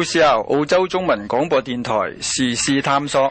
故事後，澳洲中文廣播電台時事探索。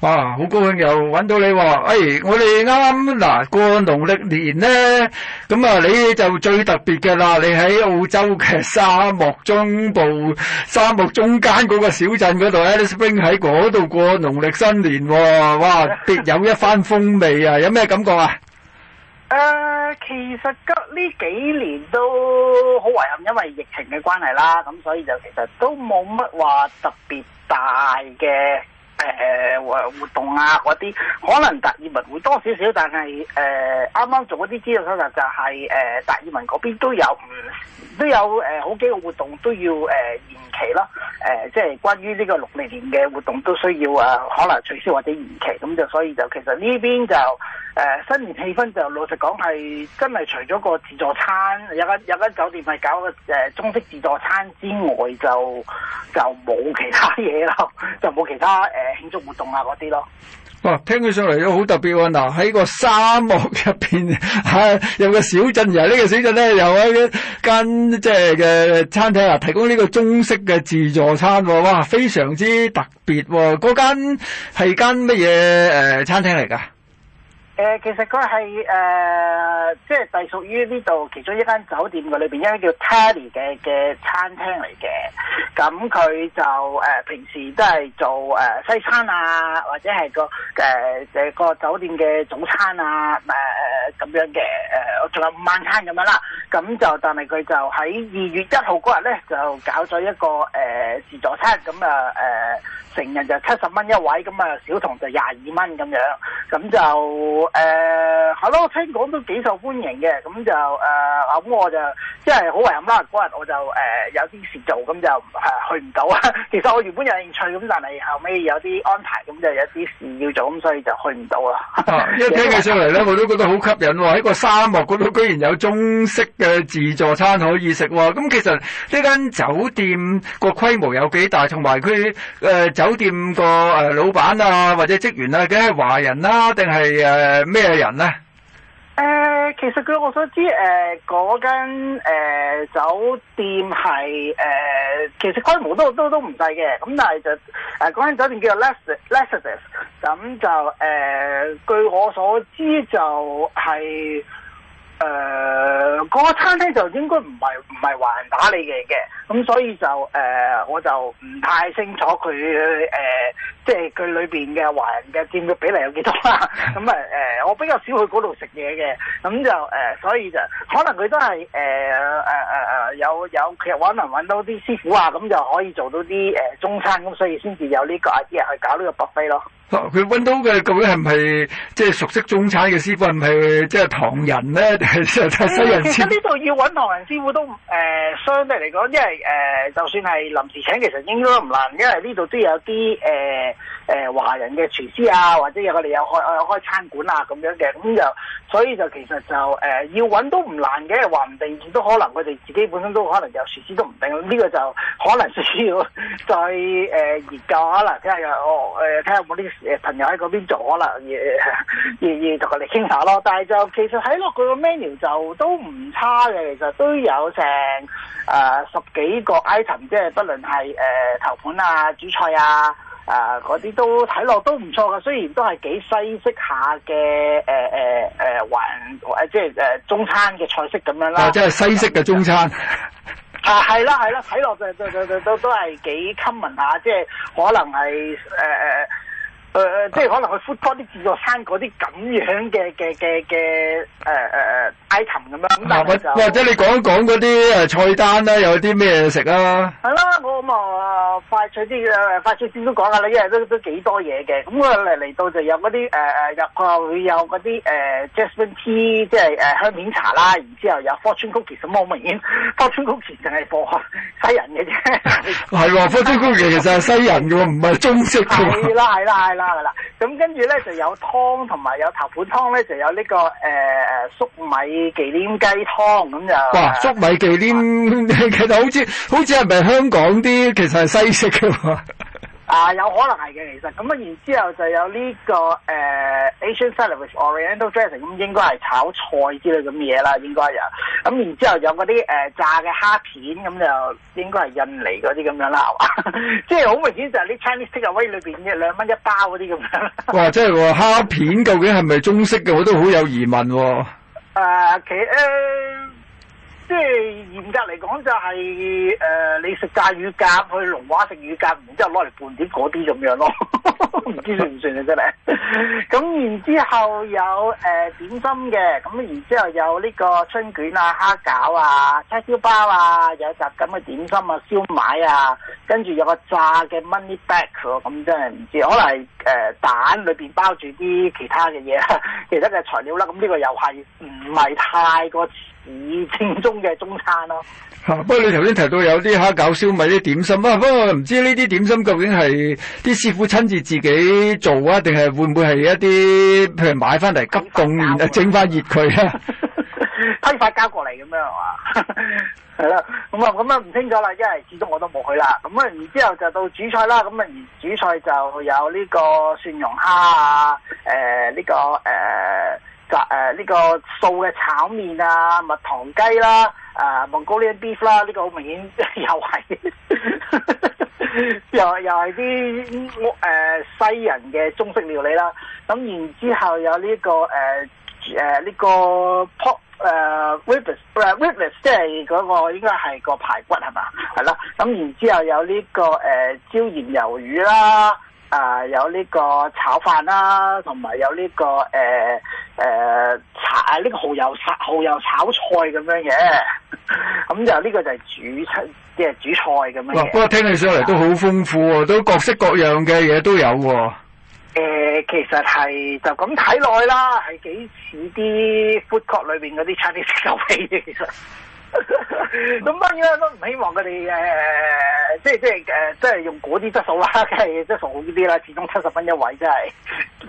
哇！好高興又揾到你話，誒，我哋啱啱過農曆年咧，咁啊你就最特別嘅啦！你喺澳洲嘅沙漠中部、沙漠中間嗰個小鎮嗰度咧，Alice Spring 喺嗰度過農曆新年，哇！別有一番風味啊！有咩感覺啊？誒，其實今呢幾年都好遺憾，因為疫情嘅關係啦，咁所以就其實都冇乜話特別大嘅。誒，活、呃、活動啊，嗰啲可能達爾文會多少少，但係誒，啱、呃、啱做嗰啲資料收集就係、是、誒、呃，達爾文嗰邊都有，呃、都有誒、呃，好幾個活動都要誒、呃、延期囉，誒、呃，即係關於呢個六零年嘅活動都需要啊，可能取消或者延期，咁就所以就其實呢邊就。誒、呃，新年氣氛就老實講，係真係除咗個自助餐，有間有間酒店係搞個誒、呃、中式自助餐之外就，就就冇其他嘢咯，就冇其他誒呃、慶祝活動啊嗰啲咯。哇，聽起上嚟都好特別喎、啊！嗱，喺個沙漠入邊，喺、啊、有個小鎮，由、啊、呢、這個小鎮咧，有一間即係嘅餐廳啊，提供呢個中式嘅自助餐、哦，哇，非常之特別喎、啊！嗰間係間乜嘢誒餐廳嚟噶？誒、呃，其實佢係誒，即係隸屬於呢度其中一間酒店嘅裏邊一間叫 Tally 嘅嘅餐廳嚟嘅。咁、嗯、佢就誒、呃、平時都係做誒、呃、西餐啊，或者係個誒誒、呃這個酒店嘅早餐啊，誒誒咁樣嘅誒，仲、呃、有晚餐咁樣啦。咁、嗯、就但係佢就喺二月一號嗰日咧，就搞咗一個誒自助餐。咁啊誒，成人就七十蚊一位，咁啊小童就廿二蚊咁樣。咁就誒係咯，聽講都幾受歡迎嘅，咁就誒啊！咁我就即係好遺憾啦，嗰日，我就誒有啲事做，咁就誒去唔到啊。其實我原本有興趣，咁但係後尾有啲安排，咁就有一啲事要做，咁所以就去唔到啦。一聽起上嚟咧，我都覺得好吸引喎！喺個沙漠嗰度居然有中式嘅自助餐可以食喎。咁其實呢間酒店個規模有幾大？同埋佢誒酒店個誒老闆啊或者職員啊，梗係華人啦定係誒？誒，咩人咧？誒，其實據我所知，誒、呃，嗰間誒、呃、酒店係誒、呃，其實規模都都都唔細嘅，咁但係就誒嗰、呃、間酒店叫做 Les Leses，咁就誒、呃，據我所知就係、是。誒，呃，那個餐廳就應該唔係唔係華人打理嘅嘅，咁、嗯、所以就誒、呃，我就唔太清楚佢誒，即係佢裏邊嘅華人嘅佔嘅比例有幾多啦。咁啊誒，我比較少去嗰度食嘢嘅，咁、嗯、就誒、呃，所以就可能佢都係誒誒誒誒，有有，有其實可能搵到啲師傅啊，咁、嗯、就可以做到啲誒中餐，咁所以先至有呢個 idea 去搞呢個 buffet 咯。佢揾、哦、到嘅究竟係唔係即係熟悉中餐嘅師傅，係唔係即係唐人咧？定係即係西人。呢度要揾唐人師傅都誒、呃，相對嚟講，因為誒、呃，就算係臨時請，其實應該都唔難，因為呢度都有啲誒、呃誒、呃、華人嘅廚師啊，或者有佢哋有開開開餐館啊咁樣嘅，咁就所以就其實就誒、呃、要揾都唔難嘅，話唔定都可能佢哋自己本身都可能有廚師都唔定，呢、這個就可能需要再誒、呃、研究啊！嗱，睇、哦、下、呃、有我誒睇下有冇啲誒朋友喺嗰邊做，可能要要要同佢哋傾下咯。但係就其實睇落佢個 menu 就都唔差嘅，其實都有成誒、呃、十幾個 item，即係不論係誒、呃、頭盤啊、主菜啊。啊！嗰啲都睇落都唔錯嘅，雖然都係幾西式下嘅，誒誒誒，還誒即係誒中餐嘅菜式咁樣啦，啊，即係西式嘅中餐。 啊，係啦係啦，睇落就就就都都係幾 common 下，即係可能係誒誒。呃誒誒，即係可能去 food 多啲自助餐嗰啲咁樣嘅嘅嘅嘅誒誒 item 咁樣，或者你講一講嗰啲誒菜單啦，有啲咩嘢食啊？係啦，我咁啊快脆啲誒，快脆啲都講下啦，因為都都幾多嘢嘅。咁我嚟嚟到就有嗰啲誒誒，入去會有嗰啲誒 jasmine tea，即係誒香片茶啦。然之後有 fortune cookies，咁好明顯，fortune cookies 淨係西人嘅啫。係喎，fortune cookies 其實係西人嘅喎，唔係中式嘅。係啦，係啦，係啦。啦，咁跟住咧就有湯同埋有、有頭盤湯咧，就有呢、呢個誒誒粟米忌廉雞湯，咁就哇呃、粟米忌廉， 其實好似好似係咪香港啲？其實係西式嘅喎。啊，有可能係嘅，其實咁啊、嗯，然之後就有呢、這個誒、呃、 Asian Service Oriental Dressing，咁、嗯、應該係炒菜之類咁嘢啦，應該就。咁、嗯、然之後有嗰啲誒炸嘅蝦片，咁、嗯、就應該係印尼嗰啲咁樣啦，係嘛？ 即係好明顯就係啲 Chinese takeaway 裏邊啫，兩蚊一包嗰啲咁樣。哇！即係話蝦片究竟係咪中式嘅？我都好有疑問、哦。誒、呃，其誒。呃即係嚴格嚟講，就是，就係誒，你食炸乳鴿去龍華食乳鴿，然之後攞嚟拌碟嗰啲咁樣咯，唔 知算唔算啦真係。咁 然之後有誒、呃、點心嘅，咁然之後有呢個春卷啊、蝦餃啊、叉燒包啊，有雜咁嘅點心啊、燒賣啊，跟住有個炸嘅 money bag 咯、啊，咁真係唔知，可能係誒、呃、蛋裏邊包住啲其他嘅嘢，其他嘅材料啦、啊。咁、這、呢個又係唔係太過。好正宗嘅中餐咯、啊！吓、啊，不過你頭先提到有啲蝦餃、燒賣啲點心啊，不過唔知呢啲點心究竟係啲師傅親自自己做啊，定係會唔會係一啲譬如買翻嚟急凍整蒸翻熱佢咧？批發交過嚟咁 樣啊？係啦，咁啊，咁啊，唔清楚啦，因為始終我都冇去啦。咁啊，然之後就到主菜啦。咁啊，而主菜就有呢個蒜蓉蝦啊，誒、呃，呢、這個誒。呃嗱，誒呢、呃這個素嘅炒麵啊，蜜糖雞啦，誒、呃、Mongolian beef 啦，呢、這個好明顯又係，又又係啲誒西人嘅中式料理啦。咁、嗯、然之後有呢、這個誒誒呢個 pork、呃、ribs，誒、呃、ribs 即係嗰個應該係個排骨係嘛？係啦。咁、嗯、然之後有呢、這個誒、呃、椒鹽魷魚啦。啊！有呢個炒飯啦，同埋有呢個誒誒炒啊呢個蠔油炒蠔油炒菜咁樣嘅，咁就呢個就係主餐即係主菜咁樣嘅。不過聽起上嚟都好豐富喎，都各式各樣嘅嘢都有喎。誒，其實係就咁睇耐啦，係幾似啲 food court 裏邊嗰啲餐廳食到起嘅其實。咁當然都唔希望佢哋誒，即係即係誒，即係、呃、用嗰啲質素啦，梗係質素好啲啦。始終七十蚊一位真係，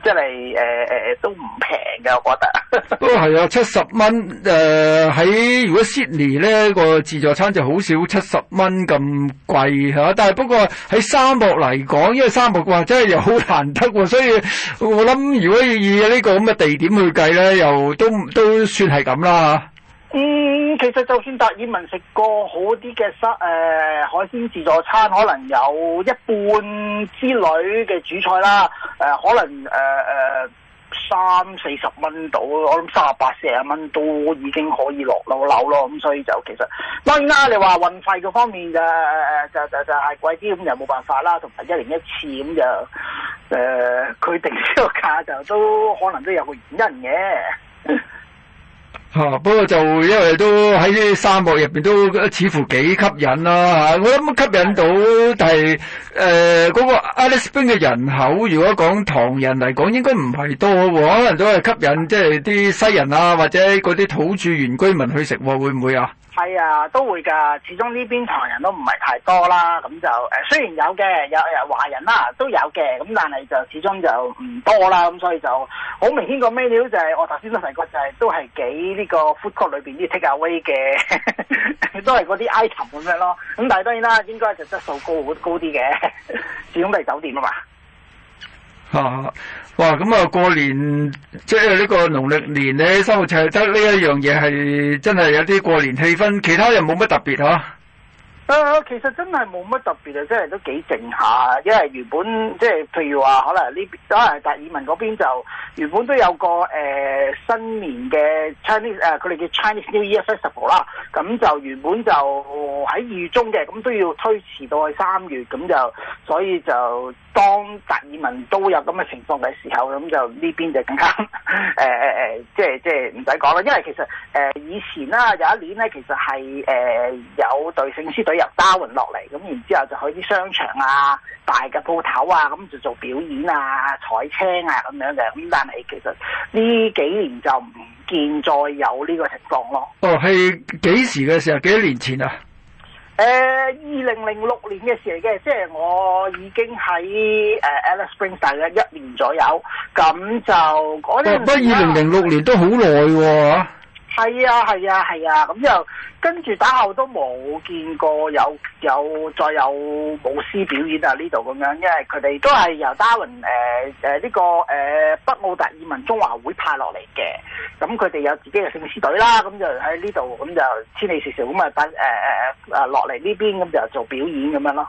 真係誒誒都唔平㗎，我覺得。都係啊，七十蚊誒喺如果 Sydney 咧個自助餐就好少七十蚊咁貴嚇，但係不過喺沙漠嚟講，因為沙漠嘅話真係又好難得喎，所以我諗如果要以呢個咁嘅地點去計咧，又都都算係咁啦。嗯，其實就算達爾文食過好啲嘅沙誒海鮮自助餐，可能有一半之類嘅主菜啦，誒、呃、可能誒誒、呃、三四十蚊到，我諗三十八四十蚊都已經可以落樓樓咯。咁、嗯、所以就其實當然啦、啊，你話運費嘅方面誒誒誒就就就係貴啲，咁又冇辦法啦。同埋一年一次咁就誒佢、呃、定呢個價就都可能都有個原因嘅。 嚇、啊！不過就因為都喺啲沙漠入邊都似乎幾吸引啦、啊、嚇、啊，我諗吸引到係誒嗰個 Alice Springs 嘅人口，如果講唐人嚟講應該唔係多喎、哦，可能都係吸引即係啲西人啊或者嗰啲土著原居民去食喎、哦，會唔會啊？係啊，都會㗎。始終呢邊台人都唔係太多啦，咁、嗯、就誒、呃、雖然有嘅，有有華人啦、啊、都有嘅，咁、嗯、但係就始終就唔多啦，咁、嗯、所以就好明顯個 menu 就係、是、我頭先都提過、就是，就係都係幾呢個 food court 裏邊啲 take away 嘅， 都係嗰啲 item 咁樣咯。咁但係當然啦，應該就質素高高啲嘅，始終都係酒店啊嘛。啊！哇！咁、嗯、啊，過年即係呢個農曆年咧，生活就得呢一樣嘢係真係有啲過年氣氛，其他又冇乜特別嚇。啊，其實真係冇乜特別啊，真係都幾靜下。因為原本即係譬如話，可能呢邊都係達爾文嗰邊就原本都有個誒、呃、新年嘅 Chinese 誒、呃、佢哋叫 Chinese New Year Festival 啦。咁就原本就喺二月中嘅，咁都要推遲到去三月，咁就所以就。當達爾文都有咁嘅情況嘅時候，咁就呢邊就更加誒誒誒，即係即係唔使講啦。因為其實誒、呃、以前啦、啊，有一年咧，其實係誒、呃、有隊醒獅隊由達爾文落嚟，咁、嗯、然之後就去啲商場啊、大嘅鋪頭啊，咁、嗯、就做表演啊、採青啊咁樣嘅。咁但係其實呢幾年就唔見再有呢個情況咯。哦，係幾時嘅時候？幾多年前啊？誒，二零零六年嘅事嚟嘅，即係我已經喺誒 Alice Springs 大概一年左右，咁就嗰啲。啊、不二零零六年都好耐喎。係啊，係啊，係啊，咁就跟住打後都冇見過有有再有舞獅表演啊！呢度咁樣，因為佢哋都係由 Darwin 誒、呃、誒呢、呃這個誒、呃、北澳達爾文中華會派落嚟嘅，咁佢哋有自己嘅醒獅隊啦，咁、嗯、就喺呢度，咁、嗯、就千里迢迢咁啊，帶誒誒啊落嚟呢邊，咁、嗯、就做表演咁樣咯。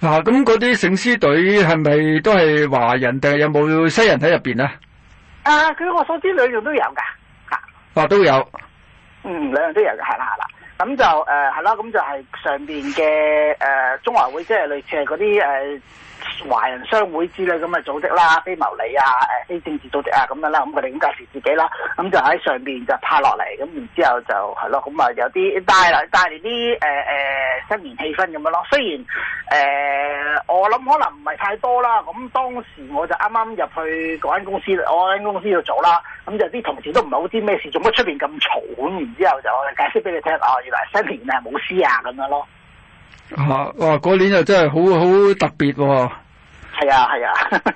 嗱、啊，咁嗰啲醒獅隊係咪都係華人定係有冇西人喺入邊啊？啊，佢我所知兩樣都有噶。哦，都有，嗯，兩樣都有，係啦，係啦，咁就誒，係、呃、啦，咁就係上邊嘅誒，中華會即係類似係嗰啲誒。呃華人商會之類咁嘅組織啦，非牟利啊，誒非政治組織啊咁樣啦，咁佢哋咁介紹自己啦，咁就喺上邊就拍落嚟，咁然之後就係咯，咁啊有啲帶啦，帶嚟啲誒誒新年氣氛咁樣咯。雖然誒、呃、我諗可能唔係太多啦，咁當時我就啱啱入去嗰間公司，我喺間公司度做啦，咁就啲同事都唔係好知咩事，做乜出邊咁嘈，咁然之後就我解釋俾你聽，哦、啊、原來新年啊舞獅啊咁樣咯。吓、啊、哇！嗰年又真係好好特別喎。係啊係啊。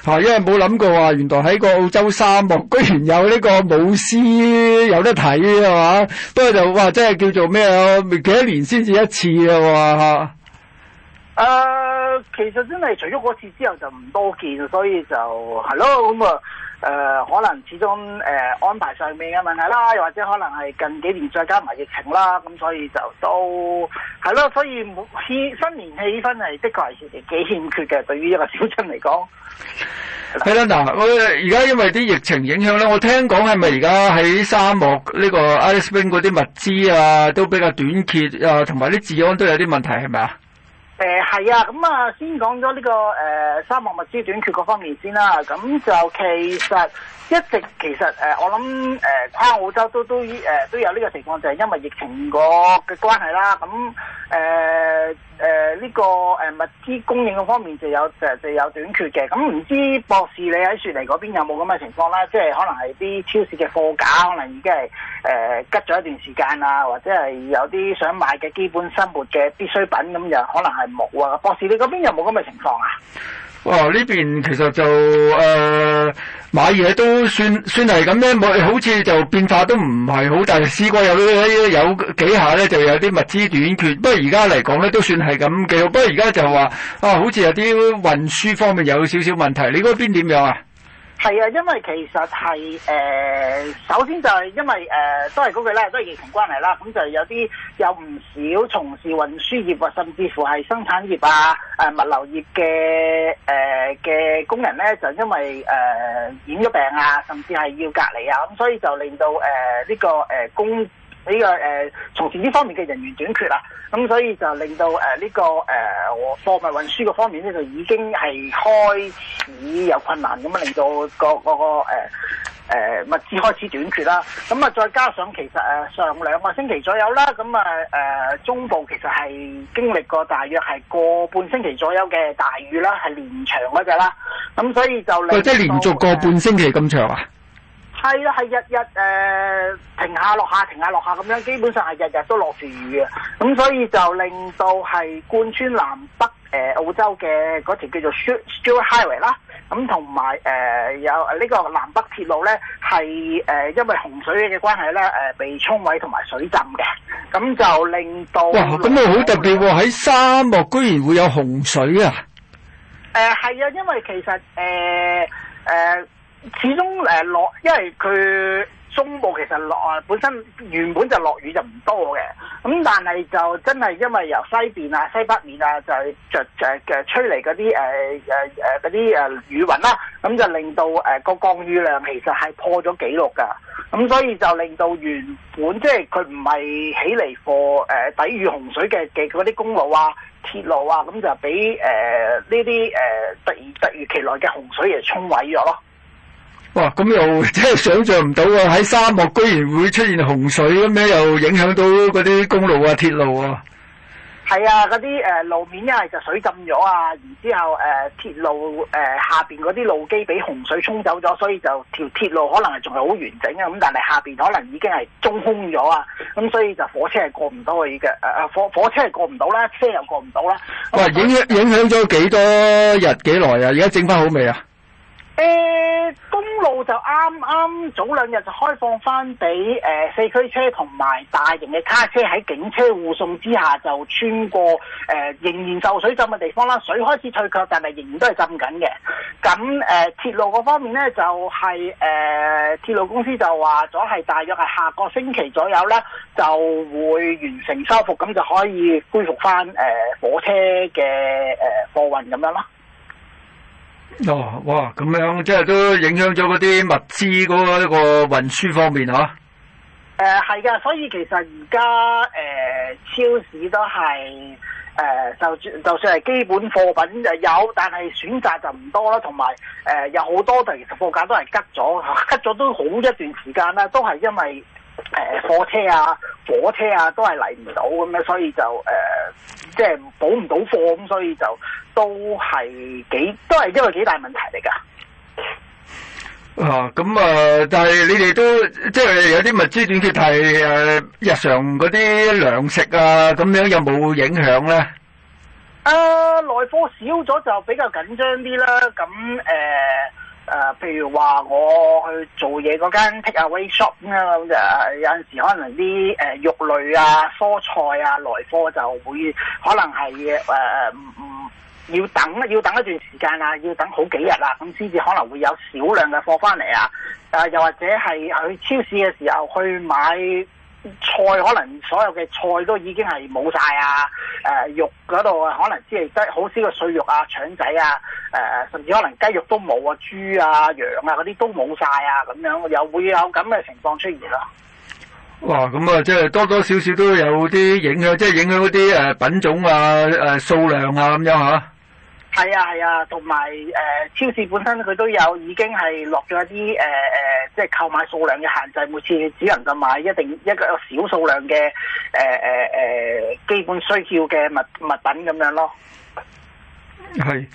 吓、啊，啊、 因為冇諗過話，原來喺個澳洲沙漠，居然有呢個舞獅有得睇啊嘛。不過就話，真係叫做咩？啊？幾多年先至一次啊？吓。誒，其實真係除咗嗰次之後就唔多見，所以就係咯咁啊。Hello, 嗯誒、呃，可能始終誒、呃、安排上面嘅問題啦，又或者可能係近幾年再加埋疫情啦，咁、嗯、所以就都係咯。所以冇氣新年氣氛係的確係少幾欠缺嘅。對於一個小鎮嚟講，係啦嗱，我而家因為啲疫情影響咧，我聽講係咪而家喺沙漠呢、這個 Alice Springs 嗰啲物資啊都比較短缺啊，同埋啲治安都有啲問題，係咪啊？誒係、呃、啊，咁啊先講咗呢個誒、呃、沙漠物資短缺嗰方面先啦，咁、嗯、就其實一直其實誒、呃、我諗誒跨澳洲都都誒、呃、都有呢個情況，就係、是、因為疫情個嘅關係啦，咁、嗯、誒。呃誒，呢、呃，這個誒物資供應方面就有誒就，就有短缺嘅。咁、嗯、唔知博士你喺雪梨嗰邊有冇咁嘅情況啦？即係可能係啲超市嘅貨架可能已經係誒吉咗一段時間啊，或者係有啲想買嘅基本生活嘅必需品咁，又可能係冇啊。博士你嗰邊有冇咁嘅情況啊？哇，呢邊其實就誒、呃、買嘢都算算係咁咧，冇好似就變化都唔係好大。試過有有幾下咧，就有啲物資短缺。不過而家嚟講咧，都算係咁嘅。不過而家就話啊，好似有啲運輸方面有少少問題。你嗰邊點樣啊？係啊，因為其實係誒，首先就係因為誒，都係嗰句啦，都係疫情關係啦，咁就係有啲有唔少從事運輸業啊，甚至乎係生產業啊、誒物流業嘅誒嘅工人咧，就因為誒染咗病啊，甚至係要隔離啊，咁所以就令到誒呢個誒工呢、這個誒，從、呃、事呢方面嘅人員短缺啦，咁、嗯、所以就令到誒呢、呃這個誒貨、呃、物運輸嘅方面咧，就已經係開始有困難咁啊，令到個嗰個誒、呃、物資開始短缺啦。咁、嗯、啊，再加上其實誒、呃、上兩個星期左右啦，咁啊誒中部其實係經歷過大約係個半星期左右嘅大雨啦，係連場嗰隻啦。咁、嗯、所以就即係連續個半星期咁長啊！係啦，係日日誒、呃、停下落下停下落下咁樣，基本上係日日都落住雨嘅，咁、嗯、所以就令到係貫穿南北誒、呃、澳洲嘅嗰條叫做 Stuart Highway 啦，咁同埋誒有呢、呃這個南北鐵路咧，係誒、呃、因為洪水嘅關係咧誒被沖毀同埋水浸嘅，咁、嗯、就令到哇，咁啊好特別喎、啊！喺沙漠居然會有洪水啊！誒係啊，因為其實誒誒。呃呃呃始終誒落、呃，因為佢中部其實落啊，本身原本就落雨就唔多嘅，咁、嗯、但係就真係因為由西邊啊、西北面啊，就係着着嘅吹嚟嗰啲誒誒誒啲誒雨雲啦、啊，咁、嗯、就令到誒個、呃、降雨量其實係破咗紀錄㗎，咁、嗯、所以就令到原本即係佢唔係起嚟個誒抵禦洪水嘅嘅啲公路啊、鐵路啊，咁、嗯、就俾誒呢啲誒突如突如其來嘅洪水而沖毀咗咯。哇！咁又即係想象唔到喎，喺沙漠居然會出現洪水咁樣，又影響到嗰啲公路啊、鐵路啊。係啊，嗰啲誒路面因為就水浸咗啊，然之後誒鐵路誒下邊嗰啲路基俾洪水沖走咗，所以就條鐵路可能仲係好完整啊。咁但係下邊可能已經係中空咗啊。咁所以就火車係過唔到去嘅。誒誒，火火車係過唔到啦，車又過唔到啦。哇！影響影響咗幾多日？幾耐啊？而家整翻好未啊？誒。就啱啱早兩日就開放翻俾誒四驅車同埋大型嘅卡車喺警車護送之下就穿過誒、呃、仍然受水浸嘅地方啦，水開始退卻，但係仍然都係浸緊嘅。咁誒、呃、鐵路嗰方面咧就係、是、誒、呃、鐵路公司就話咗係大約係下個星期左右咧就會完成修復，咁就可以恢復翻誒火車嘅誒、呃、貨運咁樣啦。哦，哇！咁樣即係都影響咗嗰啲物資嗰一個運輸方面啊。誒、呃，係噶，所以其實而家誒，超市都係誒、呃，就就算係基本貨品就有，但係選擇就唔多啦。同埋誒，有好多其實貨價都係吉咗，吉咗都好一段時間啦，都係因為。誒，貨車啊，火車啊，都係嚟唔到咁樣，所以就誒，即係補唔到貨咁，所以就都係幾，都係因為幾大問題嚟噶。啊，咁啊，但係你哋都即係有啲物資短缺，係誒日常嗰啲糧食啊，咁樣有冇影響咧？啊，內貨少咗就比較緊張啲啦，咁誒。誒、呃，譬如話我去做嘢嗰間 takeaway shop 咁樣、呃，有陣時可能啲誒肉類啊、蔬菜啊，來貨就會可能係誒誒唔唔要等，要等一段時間啊，要等好幾日啊，咁先至可能會有少量嘅貨翻嚟啊。誒、呃，又或者係去超市嘅時候去買。菜可能所有嘅菜都已經係冇晒啊！誒、呃、肉嗰度啊，可能只係得好少嘅碎肉啊、腸仔啊，誒、呃、甚至可能雞肉都冇啊、豬啊、羊啊嗰啲都冇晒啊，咁樣又會有咁嘅情況出現咯。哇！咁啊，即係多多少少都有啲影響，即係影響嗰啲誒品種啊、誒、呃、數量啊咁樣嚇、啊。係啊係啊，同埋誒超市本身佢都有已經係落咗一啲誒誒，即係購買數量嘅限制，每次只能夠買一定一個小數量嘅誒誒誒基本需要嘅物物品咁樣咯。係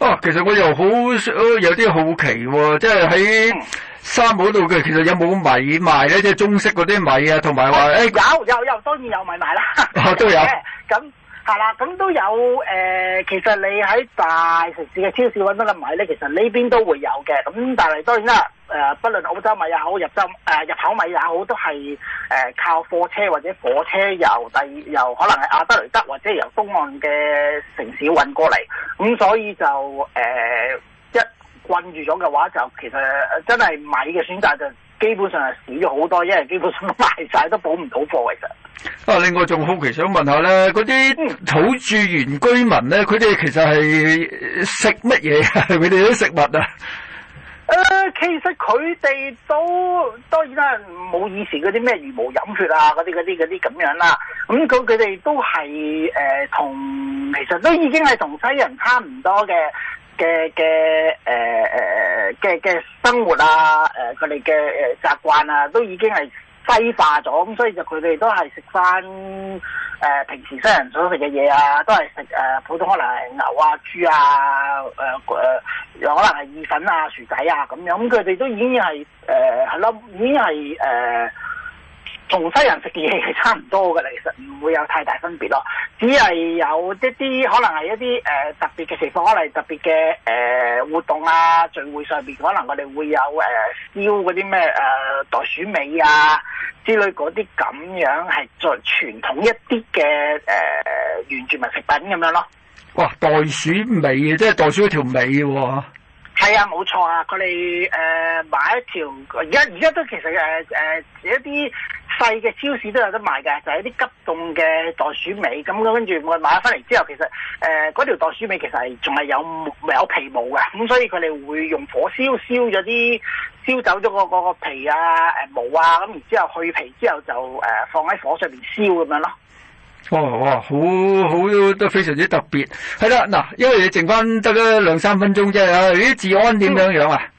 啊，其實我又好有啲好奇喎、啊，即係喺沙姆度嘅，其實有冇米賣咧？即係中式嗰啲米啊，同埋話誒有、啊哎、有有，有當然有米賣啦、啊，都有咁。 係啦，咁、嗯、都有誒、呃。其實你喺大城市嘅超市揾得嘅米咧，其實呢邊都會有嘅。咁但係當然啦，誒、呃，不論澳洲米也好，入洲誒、呃、入口米也好，都係誒、呃、靠貨車或者火車由第二，由可能係亞德雷德或者由東岸嘅城市運過嚟。咁、嗯、所以就誒、呃、一困住咗嘅話，就其實真係米嘅選擇就。基本上係少咗好多，因為基本上賣晒都補唔到貨，其實。啊，另外仲好奇想問下咧，嗰啲土著原居民咧，佢哋、嗯、其實係食乜嘢？佢哋啲食物啊？誒、呃，其實佢哋都當然啦，冇以前嗰啲咩茹毛飲血啊，嗰啲嗰啲嗰啲咁樣啦、啊。咁佢佢哋都係誒，同、呃、其實都已經係同西人差唔多嘅嘅嘅誒誒。嘅嘅生活啊，誒佢哋嘅誒習慣啊，都已經係西化咗，咁所以就佢哋都係食翻誒平時西人所食嘅嘢啊，都係食誒普通可能係牛啊、豬啊、誒、呃、誒可能係意粉啊、薯仔啊咁樣，咁佢哋都已經係誒係咯，已經係誒。同西人食嘅嘢係差唔多㗎啦，其實唔會有太大分別咯。只係有一啲可能係一啲誒特別嘅情況，可能係、呃、特別嘅誒、呃、活動啊聚會上邊，可能我哋會有誒、呃、燒嗰啲咩誒袋鼠尾啊之類嗰啲咁樣係在傳統一啲嘅誒原住民食品咁樣咯。哇！袋鼠尾即係袋鼠一條尾喎。係啊，冇、啊、錯啊，佢哋誒買一條而家而家都其實誒誒、呃呃、一啲。細嘅超市都有得賣嘅，就係、是、啲急凍嘅袋鼠尾咁樣，跟住我買翻嚟之後，其實誒嗰條袋鼠尾其實係仲係有有皮毛嘅，咁、嗯、所以佢哋會用火燒燒咗啲燒走咗個個皮啊誒毛啊，咁、嗯、然之後去皮之後就誒、呃、放喺火上邊燒咁樣咯。哦哇，好好都非常之特別，係啦嗱，因為你剩翻得咗兩三分鐘啫，啲治安點樣樣啊？嗯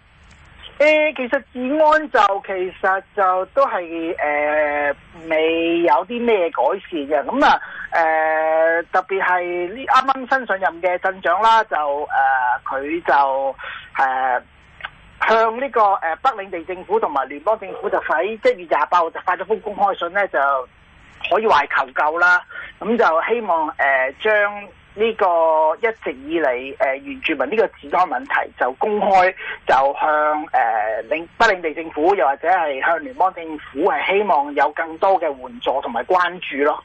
誒，其實治安就其實就都係誒、呃、未有啲咩改善嘅，咁啊誒，特別係呢啱啱新上任嘅鎮長啦，就誒佢、呃、就誒、呃、向呢個誒北領地政府同埋聯邦政府就喺即一月廿八號就發咗封公,公開信咧，就可以話求救啦，咁、嗯、就希望誒將。呃將呢個一直以嚟，誒原住民呢個治安問題就公開就向誒領北領地政府，又或者係向聯邦政府，係希望有更多嘅援助同埋關注咯。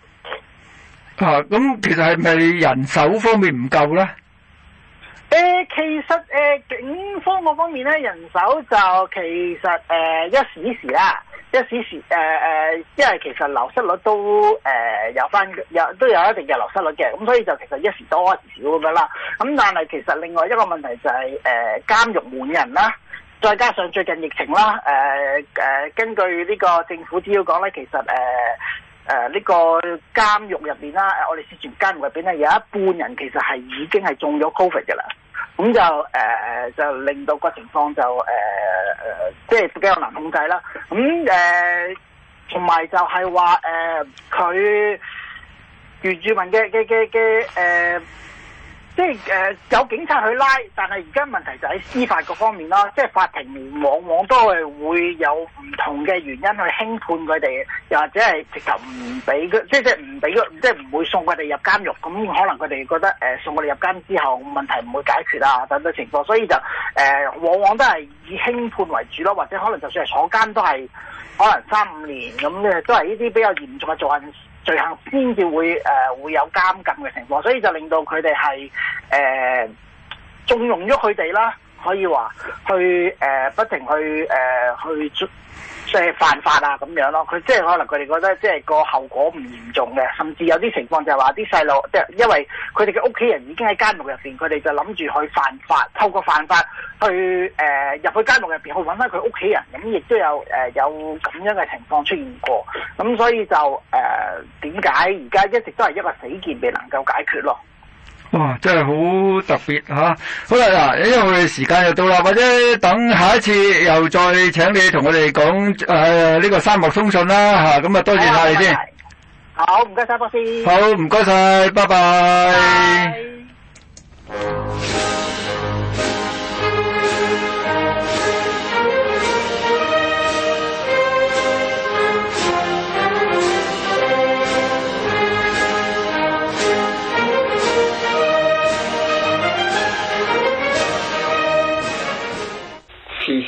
啊，咁其實係咪人手方面唔夠咧？誒、呃，其實誒、呃，警方嗰方面咧，人手就其實誒、呃、一時一時啦。一時時誒誒，因為其實流失率都誒有翻，有、呃、都有一定嘅流失率嘅，咁所以就其實一時多一時少咁樣啦。咁但係其實另外一個問題就係、是、誒、呃、監獄滿人啦，再加上最近疫情啦，誒、呃、誒、呃、根據呢個政府資料講咧，其實誒誒呢個監獄入面啦，我哋視前監獄入邊咧有一半人其實係已經係中咗 COVID 嘅啦。咁、嗯、就誒，誒、呃，就令到個情況就誒，誒、呃，即係比較難控制啦。咁、嗯、誒，同、呃、埋就係話，誒、呃，佢原住民嘅嘅嘅嘅誒。即係誒、呃、有警察去拉，但係而家問題就喺司法各方面咯。即係法庭往往都係會有唔同嘅原因去輕判佢哋，又或者係直頭唔俾佢，即係即係唔俾佢，即係唔會送佢哋入監獄。咁可能佢哋覺得誒、呃、送佢哋入監之後問題唔會解決啊等等情況，所以就誒、呃、往往都係以輕判為主咯，或者可能就算係坐監都係可能三五年咁嘅，都係呢啲比較嚴重嘅罪案。最後先至會誒、呃、會有監禁嘅情況，所以就令到佢哋係誒縱容咗佢哋啦，可以話去誒、呃、不停去誒、呃、去即係犯法啊咁樣咯，佢即係可能佢哋覺得即係個後果唔嚴重嘅，甚至有啲情況就係話啲細路，即係因為佢哋嘅屋企人已經喺監獄入邊，佢哋就諗住去犯法，透過犯法去誒、呃、入去監獄入邊去揾翻佢屋企人，咁、嗯、亦都有誒、呃、有咁樣嘅情況出現過，咁、嗯、所以就誒點解而家一直都係一個死結未能夠解決咯。哇，真係好特別吓！好啦，嗱，因為我哋時間又到啦，或者等下一次又再請你同我哋講誒呢個沙漠通訊啦吓，咁啊多謝晒，哎、呀你先拜拜。好，唔該晒博士。好，唔該晒，拜拜。拜拜拜拜。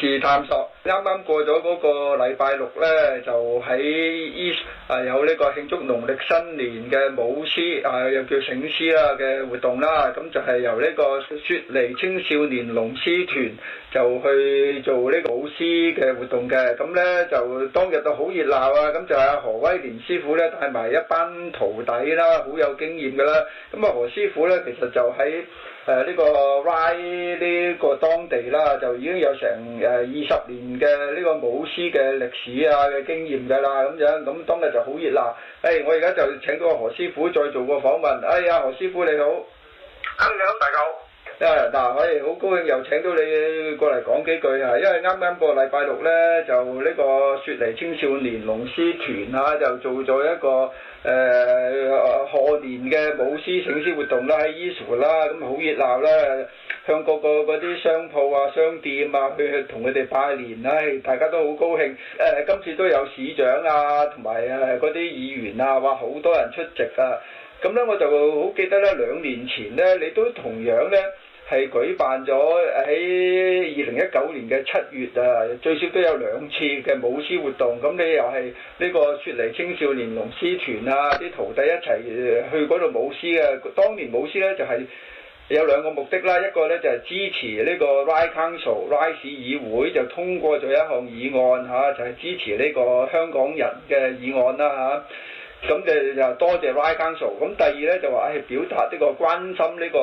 次探索啱啱過咗嗰個禮拜六呢，就喺依啊有呢個慶祝農曆新年嘅舞獅啊，又叫醒獅啦嘅活動啦。咁就係由呢個雪梨青少年龍獅團就去做呢個舞獅嘅活動嘅。咁呢，就當日都好熱鬧啊！咁就阿何威廉師傅咧帶埋一班徒弟啦，好有經驗㗎啦。咁啊何師傅呢，其實就喺誒呢個 Y 呢個當地啦，就已經有成誒二十年嘅呢個舞獅嘅歷史啊，嘅經驗㗎啦咁樣，咁當日就好熱鬧。誒、哎，我而家就請到何師傅再做個訪問。哎呀，何師傅你好，咁樣，嗯、大家好。啊嗱、哎，我、哎、喂，好高興又請到你過嚟講幾句嚇，因為啱啱個禮拜六呢，就呢個雪梨青少年龍獅團啊，就做咗一個誒賀、呃、年嘅舞獅醒獅活動啦，喺 e a s t o o 啦，咁好、啊嗯、熱鬧啦、啊，向各個嗰啲商鋪啊、商店啊，啊去同佢哋拜年啦、啊，大家都好高興。誒、啊，今次都有市長啊，同埋啊嗰啲議員啊，話好多人出席啊。咁、啊、咧，我就好記得咧，兩年前咧，你都同樣咧。係舉辦咗喺二零一九年嘅七月啊，最少都有兩次嘅舞獅活動。咁你又係呢個雪梨青少年龍獅團啊，啲徒弟一齊去嗰度舞獅嘅。當年舞獅咧就係、是、有兩個目的啦，一個咧就係、是、支持呢個 Ryde Council Ryde 市議會就通過咗一項議案嚇、啊，就係、是、支持呢個香港人嘅議案啦嚇。啊。咁就又多謝 r i g 咁第二咧就話，唉，表達呢個關心呢、這個，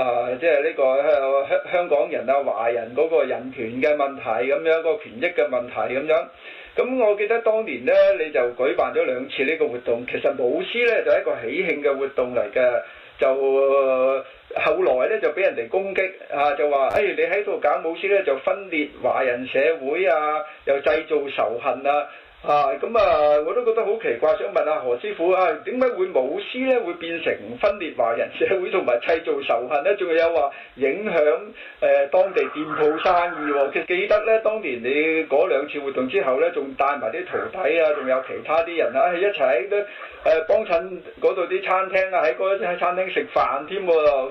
啊、呃，即係呢個香香港人啊、華人嗰個人權嘅問題，咁樣一個權益嘅問題咁樣。咁我記得當年咧，你就舉辦咗兩次呢個活動。其實舞獅咧就係、是、一個喜慶嘅活動嚟嘅。就、呃、後來咧就俾人哋攻擊，啊，就話，唉、哎，你喺度搞舞獅咧就分裂華人社會啊，又製造仇恨啊。啊，咁啊，我都覺得好奇怪，想問下、啊、何師傅啊，點解會舞獅咧？會變成分裂華人社會同埋製造仇恨咧？仲有話影響誒、呃、當地店鋪生意喎、哦？記得咧，當年你嗰兩次活動之後咧，仲帶埋啲徒弟啊，仲有其他啲人啊，一齊都啲誒幫襯嗰度啲餐廳啊，喺嗰啲喺餐廳食飯添喎、哦，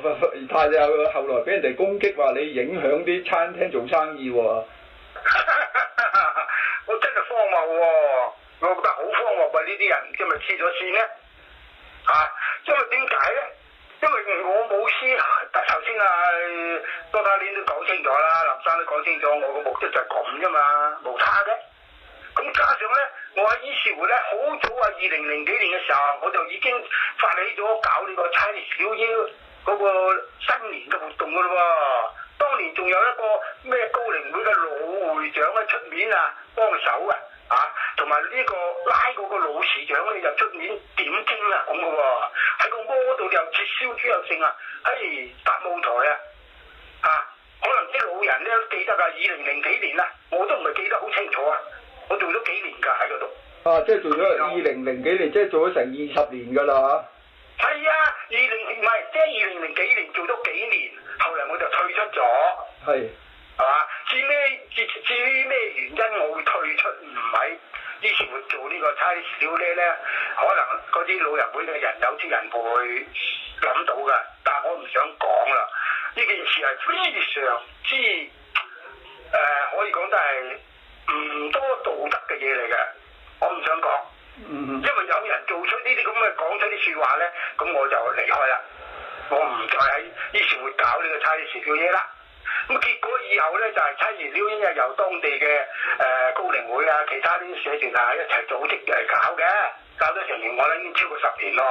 但係又後來俾人哋攻擊話你影響啲餐廳做生意喎、哦。 啲人即係咪黐咗線呢？嚇、啊！因為點解咧？因為我冇私。頭先阿多太年都講清楚啦，林生都講清楚，我個目的就係咁啫嘛，無他嘅。咁加上咧，我喺醫事會咧，好早啊，二零零幾年嘅時候，我就已經發起咗搞呢個猜小腰嗰個新年嘅活動噶啦喎。當年仲有一個咩高齡會嘅老會長咧出面啊幫手啊！啊，同埋呢個拉嗰個老市長咧就出面點睛啊，咁嘅喎，喺個鍋度就切燒豬又勝啊，哎搭舞台啊，啊，可能啲老人咧記得㗎，二零零幾年啦，我都唔係記得好清楚啊，我做咗幾年㗎喺嗰度。啊，即係做咗二零零幾年，即係做咗成二十年㗎啦嚇。係啊，二零唔係，即係二零零幾年做咗幾年，後嚟我就退出咗。係。係嘛？至咩至至於咩原因我會退出，唔係以前會做呢個差事小姐咧？可能嗰啲老人會嘅人有啲人會諗到㗎，但我唔想講啦。呢件事係非常之，誒、呃，可以講真係唔多道德嘅嘢嚟嘅。我唔想講，因為有人做出呢啲咁嘅講出啲説話咧，咁我就離開啦。我唔再喺以前會搞呢個差事小姐啦。咁結果以後咧就係、是、猜疑鳥鷹啊，由當地嘅誒、呃、高齡會啊，其他啲社團啊一齊組織嚟搞嘅，搞咗成年我咧已經超過十年咯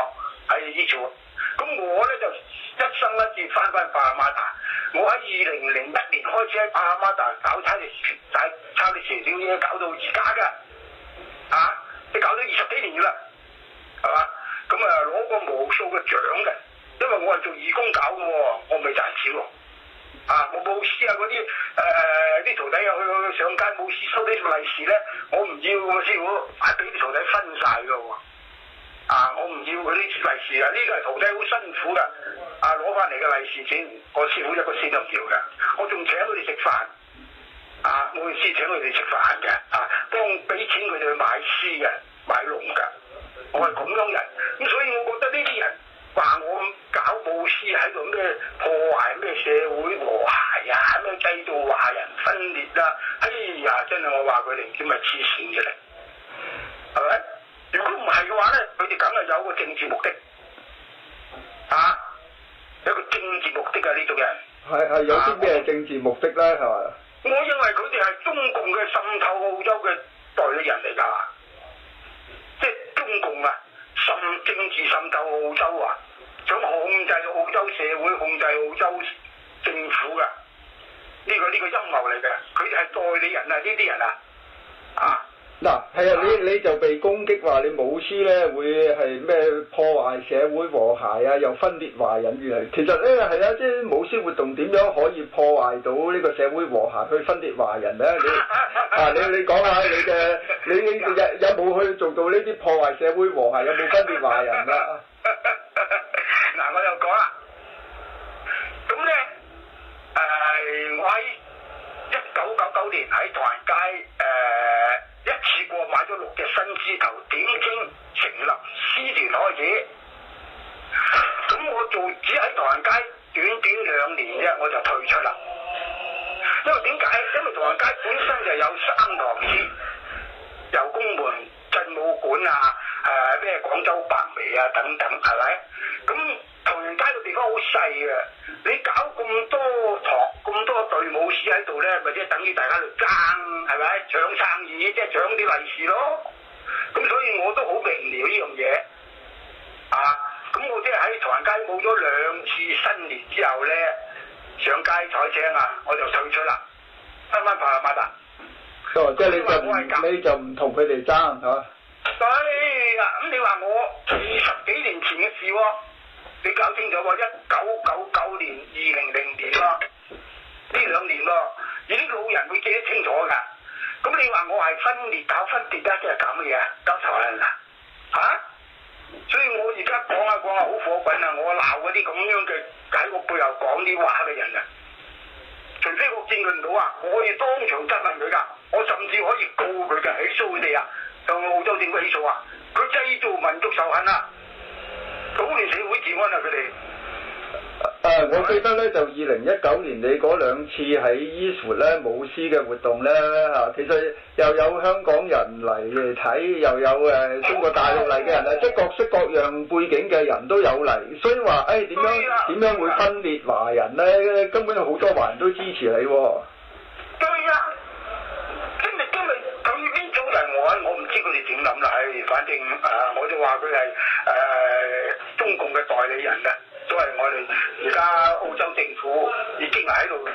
喺、哎、呢處。咁我咧就一生一世翻返巴哈馬達，我喺二零零一年開始喺巴哈馬達搞差疑大猜疑蛇鳥鷹，搞到而家嘅，啊，你搞咗二十幾年啦，係嘛？咁啊攞過無數嘅獎嘅，因為我係做義工搞嘅喎，我唔係賺錢喎。啊！我舞獅啊！嗰啲誒啲徒弟又去去上街舞獅收呢啲利是咧，我唔要我、啊、師傅，係俾啲徒弟分晒嘅喎。啊！我唔要佢啲利是啊！呢、這個係徒弟好辛苦嘅，啊攞翻嚟嘅利是錢，我師傅一個錢都唔要嘅，我仲請佢哋食飯。啊！冇意思請佢哋食飯嘅，啊幫俾錢佢哋去買獅嘅，買龍嘅，我係咁樣嘅。咁所以我覺得呢啲人。話我咁搞舞獅喺度咩破壞咩社會和諧，啊咩製造華人分裂啦、啊，哎呀真係我話佢哋咁咪黐綫嘅咧，係咪？如果唔係嘅話咧，佢哋梗係有一個政治目的，啊，有個政治目的啊呢種人，係係有啲咩政治目的咧係嘛？我認為佢哋係中共嘅滲透澳洲嘅代理人嚟噶，即係中共啊。咁政治滲透澳洲啊，想控制澳洲社會，控制澳洲政府噶，啊，呢、這個呢、這個陰謀嚟嘅，佢哋係代理人啊，呢啲人啊，啊。嗱，係啊，啊，你你就被攻擊話你舞獅咧會係咩破壞社會和諧啊，又分裂華人嘅。其實咧係、欸、啊，即係舞獅活動點樣可以破壞到呢個社會和諧，去分裂華人咧？你啊，你你講下你嘅，你你有有冇去做到呢啲破壞社會和諧，有冇分裂華人啊？啦，私團開始，咁我做只喺唐人街短短兩年啫，我就退出啦。因為點解？因為唐人街本身就有三堂師，由公門、鎮武館啊，誒、呃、咩廣州白眉啊等等，係咪？咁唐人街個地方好細啊，你搞咁多堂、咁多隊武師喺度咧，咪即係等於大家喺度爭，係咪？搶生意，即係搶啲利是咯。咁所以我都好明了呢樣嘢，啊！咁我即係喺唐人街冇咗兩次新年之後咧，上街採青啊，我就退出啦，翻翻帕拉馬達。即係 你就唔 你就唔同佢哋爭嚇。係啊，咁你話我二十幾年前嘅事喎、啊，你搞清楚喎、啊，一九九九年二零零年咯、啊，呢兩年咯、啊，而啲老人會記得清楚㗎。咁你話我係分裂搞分裂咧，即係搞乜嘢啊？搞仇恨啊！嚇、啊！所以我而家講下講下好火滾啊！我鬧嗰啲咁樣嘅，喺我背後講啲話嘅人啊！除非我見佢唔到啊，我可以當場質問佢噶，我甚至可以告佢噶，起訴佢哋啊！向澳洲政府起訴啊！佢製造民族仇恨啊，搞亂社會治安啊！佢哋。啊！我記得咧，就二零一九年你嗰兩次喺 Eastwood 咧舞獅嘅活動咧嚇、啊，其實又有香港人嚟睇，又有誒、啊、中國大陸嚟嘅人啊，即係各式各樣背景嘅人都有嚟，所以話誒點樣點了樣會分裂華人咧？根本好多華人都支持你。對啊，對今日今日佢呢種嚟我，我唔知佢哋點諗啦。唉，反正啊，我就話佢係誒中共嘅代理人啦。都係我哋而家澳洲政府已經喺度